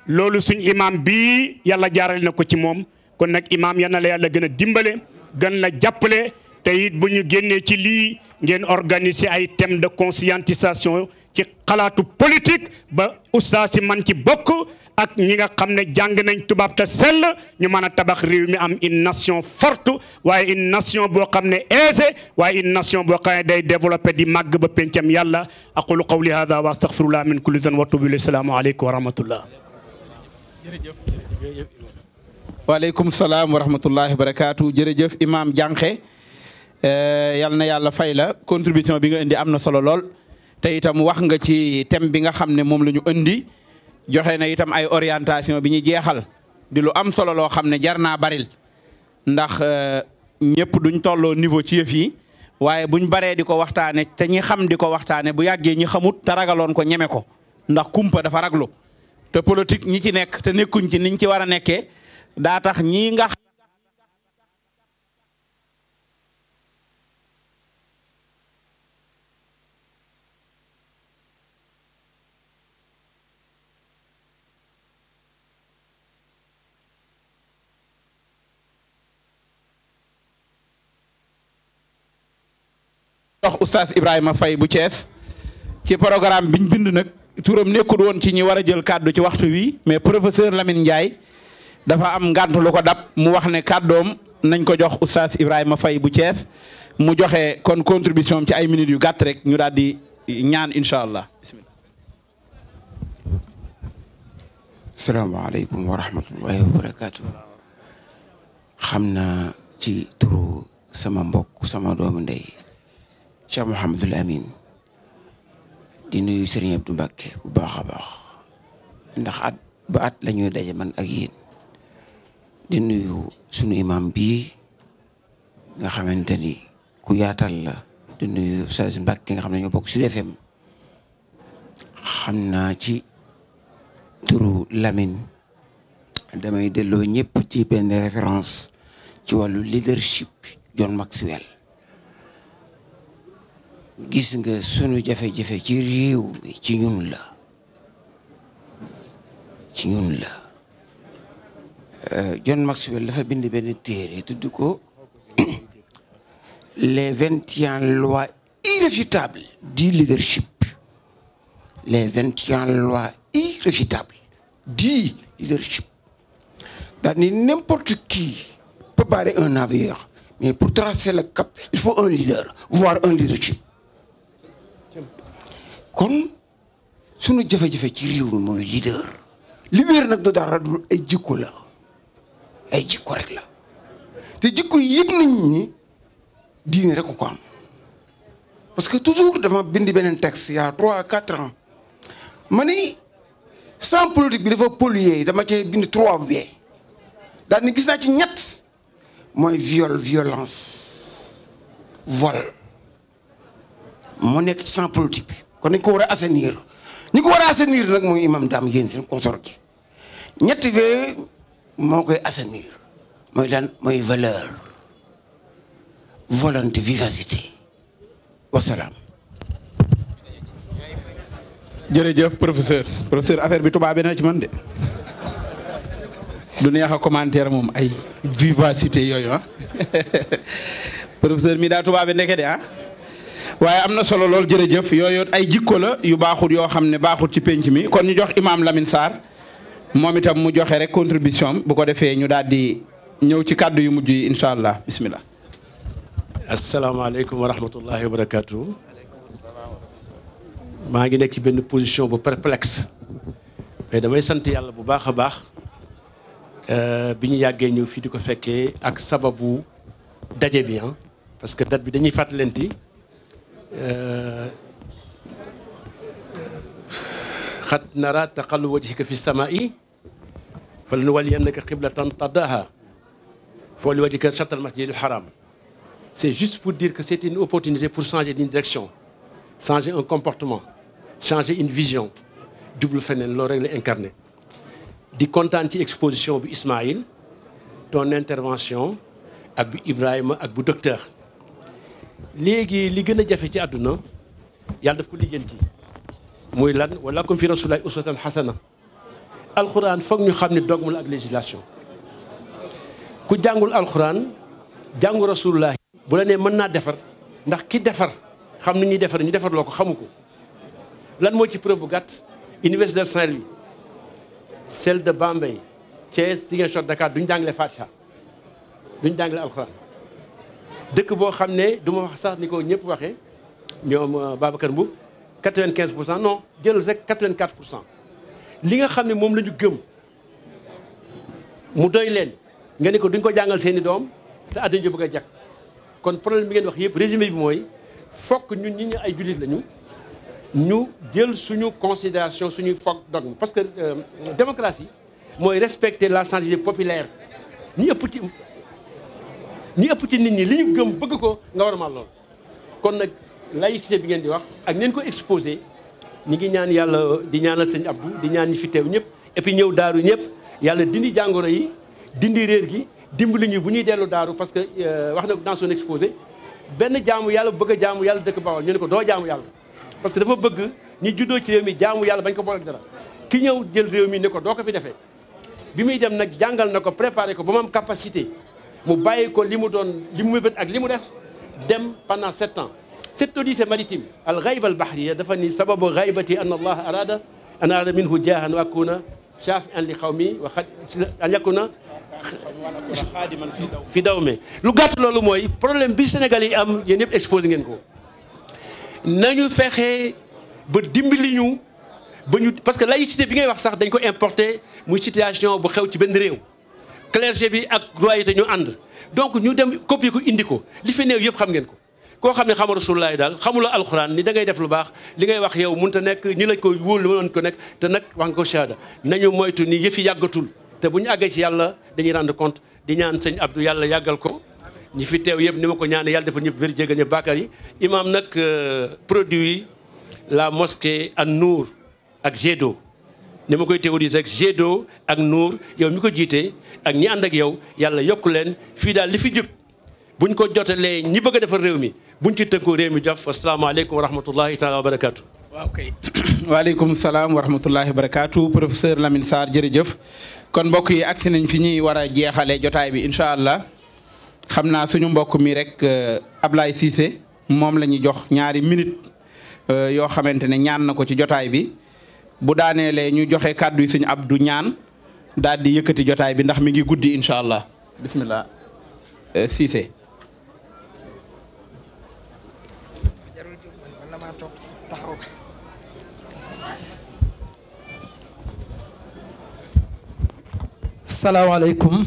Speaker 3: loolu suñ imaam bi yàlla jaarale na ko ci moom kon nag imaam yal na la yàlla gën a dimbale gën la jàppale te it bu ñu génnee ci lii ngeen organiser ay thème de conscientisation ci xalaatu politique ba oustaz man ci bokk ak ñi nga xam ne jàng nañ tubaab te sell ñu mën a tabax réew mi am une nation forte waaye une nation boo xam ne aisée waaye une nation boo xam ne day développé di màgg ba pencam yàlla aqulu qawli hada wa astaghfirullah min kulli dhan wa tubu ilayhi jërëjëf imam Diankhe eh, yal na yàlla fay la contribution bi nga indi am na solo lool te itam wax nga ci thème bi nga xam ne moom la ñu indi joxe na itam ay orientation bi ñu jeexal di lu am solo loo xam ne jar naa baril ndax euh, ñëpp duñ tolloo niveau ci yëf yi waaye buñ baree di ko waxtaane te ñi xam di ko waxtaane bu yàggee ñi xamut te ragaloon ko ñeme ko ndax kumpa dafa raglu te politique ñi ci nekk te nekkuñ ci niñ ci war a nekkee tax ñii nga oustaz Ibrahima fay bu cees ci programme biñ bind nag turam nekkul woon ci ñi war a jël kàddu ci waxtu wi mais professeur Lamine Ndiaye dafa am ngànt ko dab mu wax ne doom nañ ko jox oustaz Ibrahima fay bu cees mu joxe kon contribution ci ay minutes yu gàtt rek ñu daal di ñaan incha allah. bismillah
Speaker 7: salaamaaleykum wa rahmatullahi wa barakaatu. xam na ci turu sama mbokk sama doomu ndey. Cheikh Mouhamadul Amin di nuyu Serigne du Mbacké bu baax a baax ndax at ba at lañuy ñuy daje man ak yéen di nuyu sunu imam bii nga xamante ni ku yaatal la di nuyu Oustaz Mbacké nga xam ne ñoo bokk Sud FM xam naa ci turu Lamine damay delloo ñëpp ci benn référence ci wàllu leadership John Maxwell gis nga sunu jafe-jafe ci réew mi ci ñun la ci ñun la euh, John Maxwell dafa bind benn téere tudd ko les vingt et un lois irréfutables du leadership les vingt et lois irréfutables du leadership daal ni n'importe qui peut barrer un navire mais pour tracer la cap il faut un leader voire un leadership kon sunu jafe-jafe ci réew mi mooy leader leader nag du dara du ay jikko la ay jikko rek la te jikko yëg nañ ni diine rek ko am parce que toujours dama bind beneen texte il y a trois quatre ans ma ni sans politique bi dafa polluer dama cee bind trois vie daal ni gis naa ci ñett mooy viol violence vol mu nekk ci sans politique bi kon dañ ko war a assainir ñi ko war a assainir nag mooy imam daam yéen seen consort ñetti fee moo koy assainir mooy lan mooy valeur
Speaker 3: volonté vivacité wasalaam jërëjëf professeur professeur affaire bi tubaab bi na ci man de du neex a commentaire moom ay vivacité yooyu ah professeur mi daa tubaab bi ndeke de ah waaye am na solo lool jërëjëf yooyu ay jikko la yu baaxut yoo xam ne baaxut ci pénc mi kon ñu jox imaam Lamine saar moom itam mu joxe rek contribution bu ko defee ñu daal di ñëw ci kàddu yu mujj yi incha allah bismillah.
Speaker 8: asalaamaaleykum wa rahmatullahi maa ngi nekk ci benn position bu perplexe. mais damay sant yàlla bu baax a baax. Euh, bi ñu yàggee ñëw fii di ko fekkee ak sababu daje bi ah. parce que date bi dañuy fàttalenti. xad nara taqallu wajhika fi samaa'i fa lanuwalliyannaka qiblatan tardaha fa li wajhika shatra al-masjidil haram c'est juste pour dire que c'est une opportunité pour changer d'une direction changer un comportement changer une vision jublu feneen loolu rek la incarné di kontaan ci exposition bu Ismaïl ton intervention ak bu Ibrahima ak bu docteur léegi li gën a jafe ci àdduna yàlla daf ko lijjanti muy lan wala kum fi rasulaay uswatan xasana alxuraan foog ñu xam ne dogma la ak législation ku jàngul alxuraan jàngu rasulullah bu la nee mën naa defar ndax ki defar xam ni ñuy defar ñu defarloo ko xamu ko lan moo ci preuve bu gàtt université de yi louis celle de Bambey Thiès Ziguinchor Dakar duñ jàngale Fatiha duñ jàngale alxuraan dëkk boo xam ne du ma wax sax ni ko ñëpp waxee ñoom euh, Babacar Mboup 95 pour cent non jël rek 84 pour cent li nga xam ne moom la ñu gëm mu doy leen nga ne ko duñ ko jàngal seen doom te àddina ji bëgg kon problème bi ngeen wax yëpp résumé bi mooy fokk ñun ñu ay jullit lañu ñu jël suñu considération suñuy foog dogme parce que euh, démocratie mooy respecter la sensibilité populaire ñu ëpp ci ñi ëpp ci nit ñi li ñu gëm bëgg ko nga war a maal lool kon nag laïcité bi ngeen di wax ak ngeen ko exposé ñi ngi ñaan yàlla di ñaanal sëñ Abdou di ñaan ñi fi teew ñëpp et ñëw daaru ñëpp yàlla dindi jàngoro yi dindi réer gi dimbali ñu bu ñuy dellu daaru parce que euh, wax na dans son exposé benn jaamu yàlla bëgg a jaamu yàlla dëkk Bawol ñu ko doo jaamu yàlla parce que dafa bëgg ñi juddoo ci réew mi jaamu yàlla bañ ko boole ak dara ki ñëw jël réew mi ne ko doo ko fi defee bi muy dem nag jàngal na ko préparé ko ba mu am capacité mu bàyyi ko li mu doon li mu mébét ak li mu def dem pendant sept ans cette odyssée maritime al ghayba al bahriya dafa ni sababu ghaybati an allah arada an arada minhu jaahan wa akuna shaafi'an li qawmi wa an yakuna fi daw me lu gàtt loolu mooy problème bi Sénégal yi am yéen ñëpp exposé ngeen ko nañu feexe ba dimbali ñu ba ñu parce que laïcité bi ngay wax sax dañ ko importé muy situation bu xew ci benn réew clergé bi ak royauté ñu ànd donc ñu dem copie ko indi ko li fi néew yëpp xam ngeen ko koo xam ne xama rasulullahi daal xamuloo alxuraan ni dangay def lu baax li ngay wax yow mun a nekk ñi la ko wóolu mënoon ko nekk te nag wax nga ko shahada nañu moytu ni yëfi yàggatul te bu àggee ci yàlla dañuy rendre compte di ñaan sëñ Abdou yàlla yàggal ko ñi fi teew yëpp ni ma ko ñaan yàlla dafa ñëpp wér jégal ñëpp baakaar yi imaam nag euh, produit la mosquée ak Nour ak Gédo ni ma koy théorise ak jet ak nuur yow mi ko jiitee ak ñi ànd ak yow yàlla yokku leen fii daal li fi jëp buñ ko jotalee ñi bëgg defar réew mi buñ ci tënku réew mi jaf asalaamaaleykum wa rahmatullahi taala wa barakaatu. waaw kay
Speaker 3: salaam wa rahmatullahi wa barakaatu professeur Lamine saar jërëjëf kon mbokk yi agsi nañ fi ñuy war a jeexalee jotaay bi incha allah xam naa suñu mbokk mi rek euh, ablaay Cissé moom la ñuy jox ñaari minute euh, yoo xamante ne ñaan na ko ci jotaay bi. bu daaneelee ñu joxe kàddu yi sëñ Abdou ñaan daal di yëkkati jotaay bi ndax mi ngi guddi incha allah bisimilah eh, Cissé.
Speaker 9: salaamaaleykum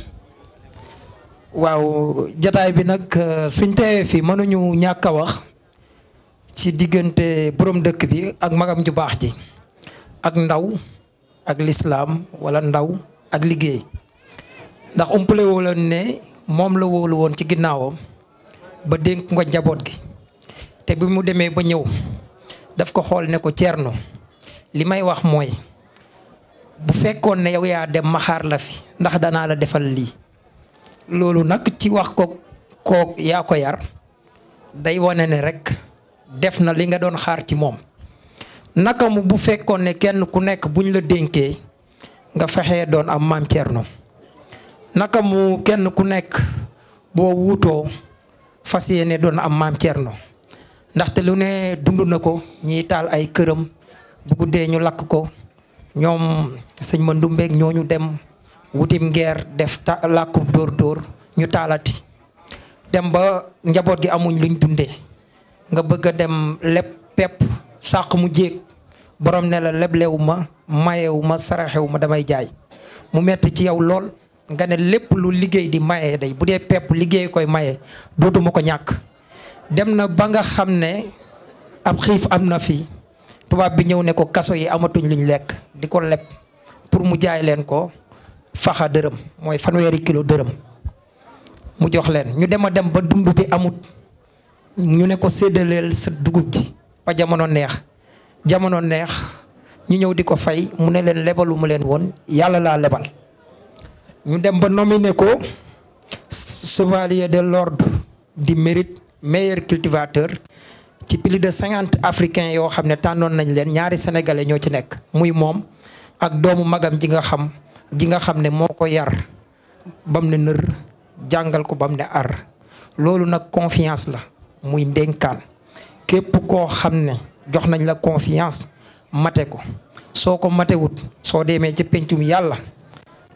Speaker 9: waaw jataay bi nag eh, suñ teewee fii mënuñu ñàkk a wax ci diggante borom dëkk bi ak magam ju baax ji. ak ndaw ak lislaam walla ndaw ak liggéey ndax umpale ne moom la wóolu ci ginnaawam ba dénk nga jaboot gi te bi mu demee ba ñëw daf ko xool ne ko ceerno li may wax mooy bu fekkoon ne yow yaa dem ma xaar la fi ndax danaa la defal lii loolu nag ci wax ko kook yaa ko yar day wane ne rekk def na li nga doon xaar ci moom naka mu bu fekkoon ne kenn ku nekk bu ñu la dénkee nga fexe doon am maam Thierno naka mu kenn ku nekk boo wuutoo fas yéene doon am maam Thierno ndaxte lu ne dund na ko ñiy taal ay këram bu guddee ñu lakk ko ñoom sëñ ma ñoo ñu dem wutim ngeer def ta làkku dóor dóor ñu taalati dem ba njaboot gi amuñ luñ dundee nga bëgg a dem lépp pepp sàq mu jéeg borom ne la leblewu ma mayewu ma saraxewu ma damay jaay mu metti ci yow lool nga ne lépp lu liggéey di maye day bu dee pepp liggéey koy maye bootuma ko ñàkk dem na ba nga xam ne ab xiif am na fi tubaab bi ñëw ne ko kaso yi amatuñ luñ lekk di ko leb pour mu jaay leen ko faxa dërëm mooy fanweeri kilo dërëm mu jox leen ñu dem a dem ba dund bi amut ñu ne ko séddaleel sa dugub ji ba jamono neex jamono neex ñu ñëw di ko fay mu ne leen lebalu mu leen woon yàlla laa lebal ñu dem ba nominé ko chevalier de l'ordre du mérite meilleur cultivateur ci plus de africains yoo xam ne tànnoon nañ leen ñaari sénégalais ñoo ci nekk muy moom ak doomu magam ji nga xam ji nga xam ne moo ko yar bam ne nër jàngal ko bam ne ar loolu nag confiance la muy ndénkaan képp koo xam ne jox nañ la confiance mate ko soo ko matewut soo demee ci pencum yàlla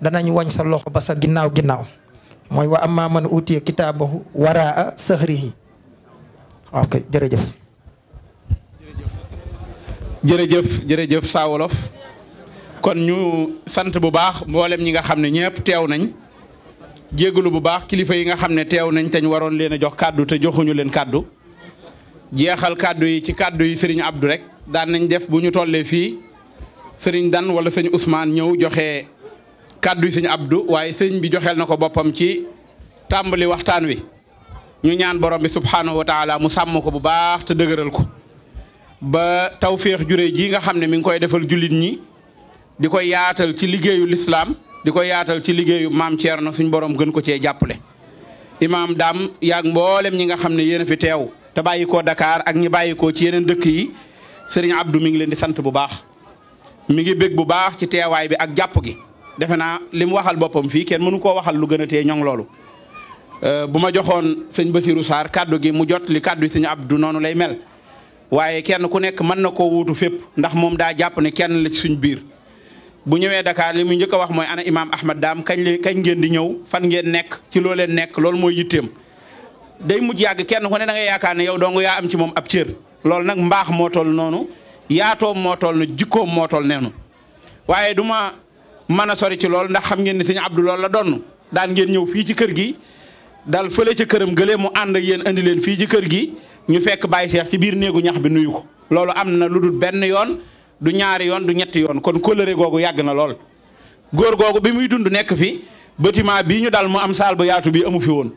Speaker 9: danañ wañ sa loxo ba sa ginnaaw ginnaaw mooy wa amma man utiya kitaabahu waraa sahrihi ok jërëjëf
Speaker 3: jërëjëf jërëjëf Saa kon ñu sant bu baax mboolem ñi nga xam ne ñëpp teew nañ jégalu bu baax kilifa yi nga xam ne teew nañ te waroon leen a jox kàddu te joxuñu leen kàddu jeexal kàddu yi ci kàddu yi sëriñ Abdou rek daan nañ def bu ñu tollee fii sëriñ Dan wala sëñ Ousmane ñëw joxe kàddu sëñ abdu waaye sëñ bi joxeel na ko boppam ci tàmbali waxtaan wi ñu ñaan borom bi subhanahu wa mu sàmm ko bu baax te dëgëral ko ba tawféex jure ji nga xam ne mi ngi koy defal jullit ñi di koy yaatal ci liggéeyu lislaam di koy yaatal ci liggéeyu maam na suñ borom gën ko cee jàppale. imaam daam yaag mboolem ñi nga xam ne yéen a fi teew. te bàyyi koo Dakar ak ñi bàyyi ci yeneen dëkk yi sëriñ Abdou mi ngi leen di sant bu baax mi ngi bég bu baax ci teewaay bi ak jàpp gi defe naa li mu waxal boppam fii kenn mënu koo waxal lu gën tee ñoŋ loolu. Euh, bu ma joxoon sëñ Basirou saar kaddu gi mu jot li kaddu sëñ Abdou noonu lay mel waaye kenn ku nekk mën na koo wuutu fépp ndax moom daa jàpp ne kenn la ci biir. bu ñëwee dakaar li mu njëkk a wax mooy ana imaam Ahmad Daam kañ kañ ngeen di ñëw fan ngeen nekk ci loo leen nekk loolu mooy yitteem. day mujj yàgg kenn ku ne da nga yaakaar ne yow dong yaa am ci moom ab cër loolu nag mbaax moo toll noonu yaatoom mootool toll na jikkoom mootool neenu waaye du ma mën a sori ci loolu ndax xam ngeen ne sëñ abdu loolu la doonu daan ngeen ñëw fii ci kër gi dal fële ca këram gëlee mu ànd ak yéen andi leen fii ci kër gi ñu fekk Baye Cheikh ci biir néegu ñax bi nuyu ko loolu am na lu dul benn yoon du ñaari yoon du ñetti yoon kon kóllëre googu yàgg na lool góor googu bi muy dund nekk fi bâtiment bii ñu dal mu am saal ba yaatu bi amu fi woon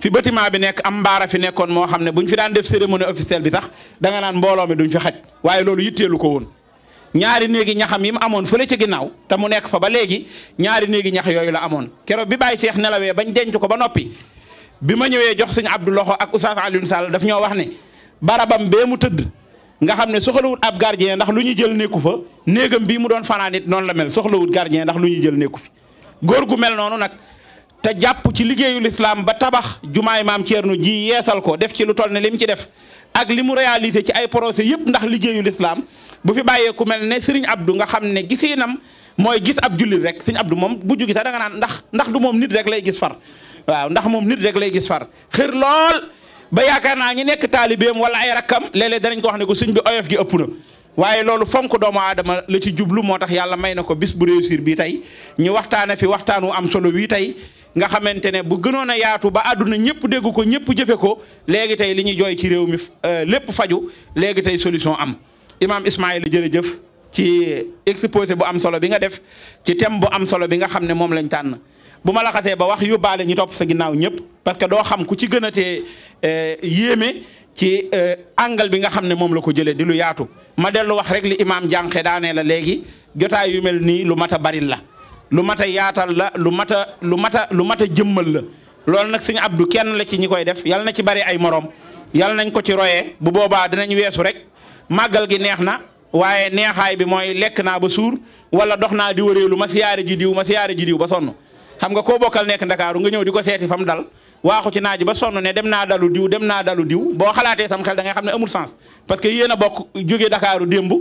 Speaker 3: fi bâtiment bi nekk am mbaara fi nekkoon moo xam ne bu fi daan def cérémonie officielle bi sax danga naan mbooloo mi duñ fi xaj waaye loolu yitteelu ko woon ñaari néegi ñaxam yi mu amoon fële ca ginnaaw te mu nekk fa ba léegi ñaari néegi ñax yooyu la amoon keroog bi bàyyi seex nelawee bañ denc ko ba noppi bi ma ñëwee jox suñu Abdou Loxo ak Oustaz Alioune Sall daf ñoo wax ne barabam bee mu tëdd nga xam ne soxlawut ab gardien ndax lu ñu jël nekku fa néegam bii mu doon fanaan it noonu la mel soxlawut gardien ndax lu ñu jël nekku fi góor gu mel noonu nag te jàpp ci liggéeyu lislaam ba tabax jumaay maam Thierno ji yeesal ko def ci lu toll ne li mu ci def ak li mu réalisé ci ay projets yëpp ndax liggéeyu lislaam bu fi bàyyee ku mel ne Serigne Abdou nga xam ne gisiinam mooy gis ab jullit rek Serigne Abdou moom bu jugi sax da nga naan ndax ndax du moom nit rek lay gis far waaw ndax moom nit rek lay gis far xër lool ba yaakaar naa ñi nekk taalibeem wala ay rakkam léeg-léeg danañ ko wax ne ko suñ bi oyof gi ëpp na waaye loolu fonk doomu aadama la ci jublu moo tax yàlla may na ko bis bu réussir bi tey ñu waxtaane fi waxtaan wu am solo wii tey nga xamante ne bu gënoon a yaatu ba àdduna ñëpp dégg ko ñëpp jëfe ko léegi tey li ñuy jooy ci réew mi euh, lépp faju léegi tey solution am imaam Ismaïla jërëjëf ci exposé bu am solo bi nga def ci thème bu am solo bi nga xam ne moom lañ tànn bu ma la xasee ba wax yóbbaale ñu topp sa ginnaaw ñëpp parce que doo xam ku ci gën a tee euh, yéeme ci euh, angle bi nga xam ne moom la ko jëlee di lu yaatu ma dellu wax rek li imaam jànqe daanee la léegi jotaay yu mel nii lu mat a baril la lu mat a yaatal la lu mat a lu mat a lu mat a jëmmal la loolu nag sëñ Abdou kenn la ci ñi koy def yal na ci bari ay moroom yal nañ ko ci royee bu boobaa dinañ weesu rek màggal gi neex na waaye neexaay bi mooy lekk naa ba suur wala dox naa di wëreelu ma siyaare ji diw ma siyaare ji diw ba sonn xam nga koo bokkal nekk ndakaaru nga ñëw di ko seeti fa mu dal waa ci naaj ba sonn ne dem naa dalu diw dem naa dalu diw boo xalaatee sam xel da xam ne amul sens parce que yéen a bokk jóge ndakaaru démb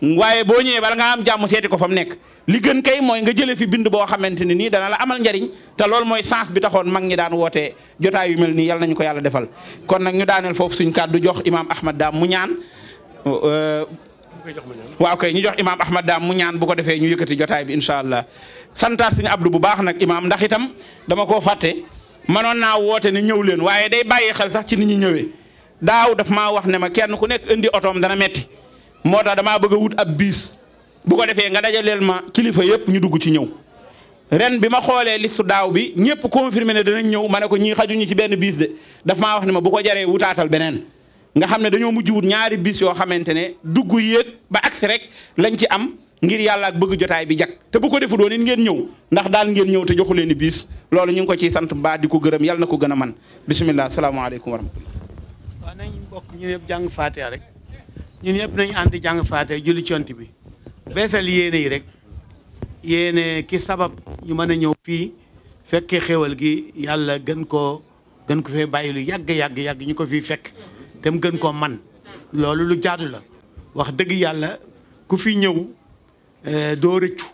Speaker 3: waaye boo ñëwee bala ngaa am jàmm seeti ko fa mu nekk li gën kay mooy nga jëlee fi bind boo xamante ne nii dana la amal njariñ te lool mooy sens bi taxoon mag ñi daan wootee jotaay yu mel nii yal ko yàlla defal kon nag ñu daaneel foofu suñ kàddu jox imaam Ahmad Dame mu ñaan euh, waaw kay ñu jox imaam Ahmad Dame mu ñaan bu ko defee ñu yëkkati jotaay bi incha allah santaat suñu abdu bu baax nag imaam ndax itam dama koo fàtte manoon naa woote ne ñëw leen waaye day bàyyi xel sax ci ni ñu ñëwee daaw daf maa wax ne ma kenn ku nekk indi otoom dana metti moo tax damaa bëgg a wut ab biis bu ko defee nga dajaleel ma kilifa yëpp ñu dugg ci ñëw ren bi ma xoolee listu daaw bi ñëpp confirmé ne danañ ñëw ma ne ko ñii xajuñu ci benn biis de daf ma wax ne ma bu ko jaree wutaatal beneen nga xam ne dañoo mujj wut ñaari biis yoo xamante ne dugg yéeg ba agsi rek lañ ci am ngir yàlla ak bëgg jotaay bi jag te bu ko defu doon it ngeen ñëw ndax daan ngeen ñëw te joxu leen ni biis loolu ñu ngi ko ciy sant baa di ko gërëm yàlla na gën a man bisimilah salaamaaleykum wa bokk ñu yëpp jàng Fatiha rek ñun ñëpp nañu ànd jàng faate julli cont bi beesal yéene yi rek yéene ki sabab ñu mën a ñëw fii fekkee xéwal gi yàlla gën koo gën ko fee bàyyi lu yàgg yàgg yàgg ñu ko fii fekk te mu gën koo man loolu lu jaadu la wax dëgg yàlla ku fi ñëw eh, doo rëccu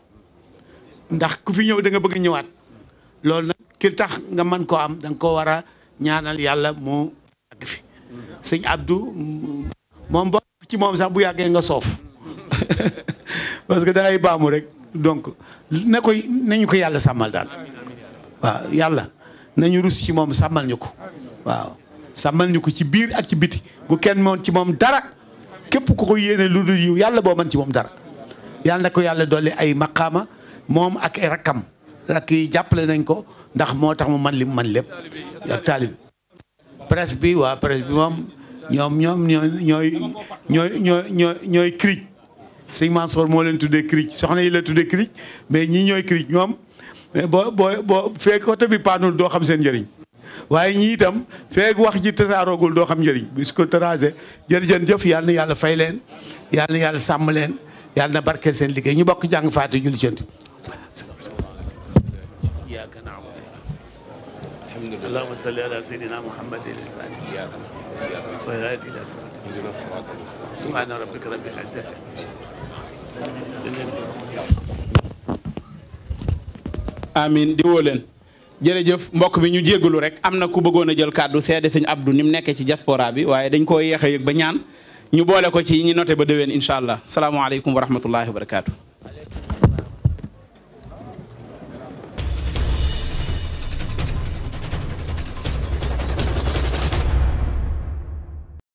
Speaker 3: ndax ku fi ñëw danga bëgg ñëwaat loolu nag ki tax nga man koo am da nga koo war a ñaanal yàlla mu àgg fi sëñ Abdou moom ci moom sax bu yàggee nga soof parce que da ngay baamu rek donc ne koy nañu ko yàlla sàmmal daal waaw yàlla nañu rus ci moom sàmmal ñu ko waaw sàmmal ñu ko ci biir ak ci biti bu kenn moon ci moom dara képp ku ko yéene lu dul yiw yàlla boo man ci moom dara yàlla na ko yàlla dolli ay maqaama moom ak ay rakkam rakk yi jàppale nañ ko ndax moo tax mu man li mu man lépp bi waa presse bi moom ñoom ñoom ñooy ñooy ñooy ñooy ñooy ñooy cric sëñ Mansour moo leen tuddee cric soxna yi la tuddee cric mais ñi ñooy cric ñoom boo boo boo feeg oto bi paanul doo xam seen njëriñ waaye ñiitam itam wax ji tasaaroogul doo xam njëriñ bis ko tracé jërëjën jëf yàlla na yàlla fay leen yàlla na yàlla sàmm leen yàlla na barke seen liggéey ñu bokk jàng faati julli cënt
Speaker 8: اللهم صل والهادي إلى صراط سبحان ربك
Speaker 3: di woo jërëjëf mbokk bi ñu jegalu rek am na ku bëggoon a jël kàddu seede sëñ Abdou ni mu nekkee ci diaspora bi waaye dañ koo yéex yëg ba ñaan ñu boole ko ci ñu noté ba déwén incha allah salaamualeykum wa rahmatullahi wa barakaatu.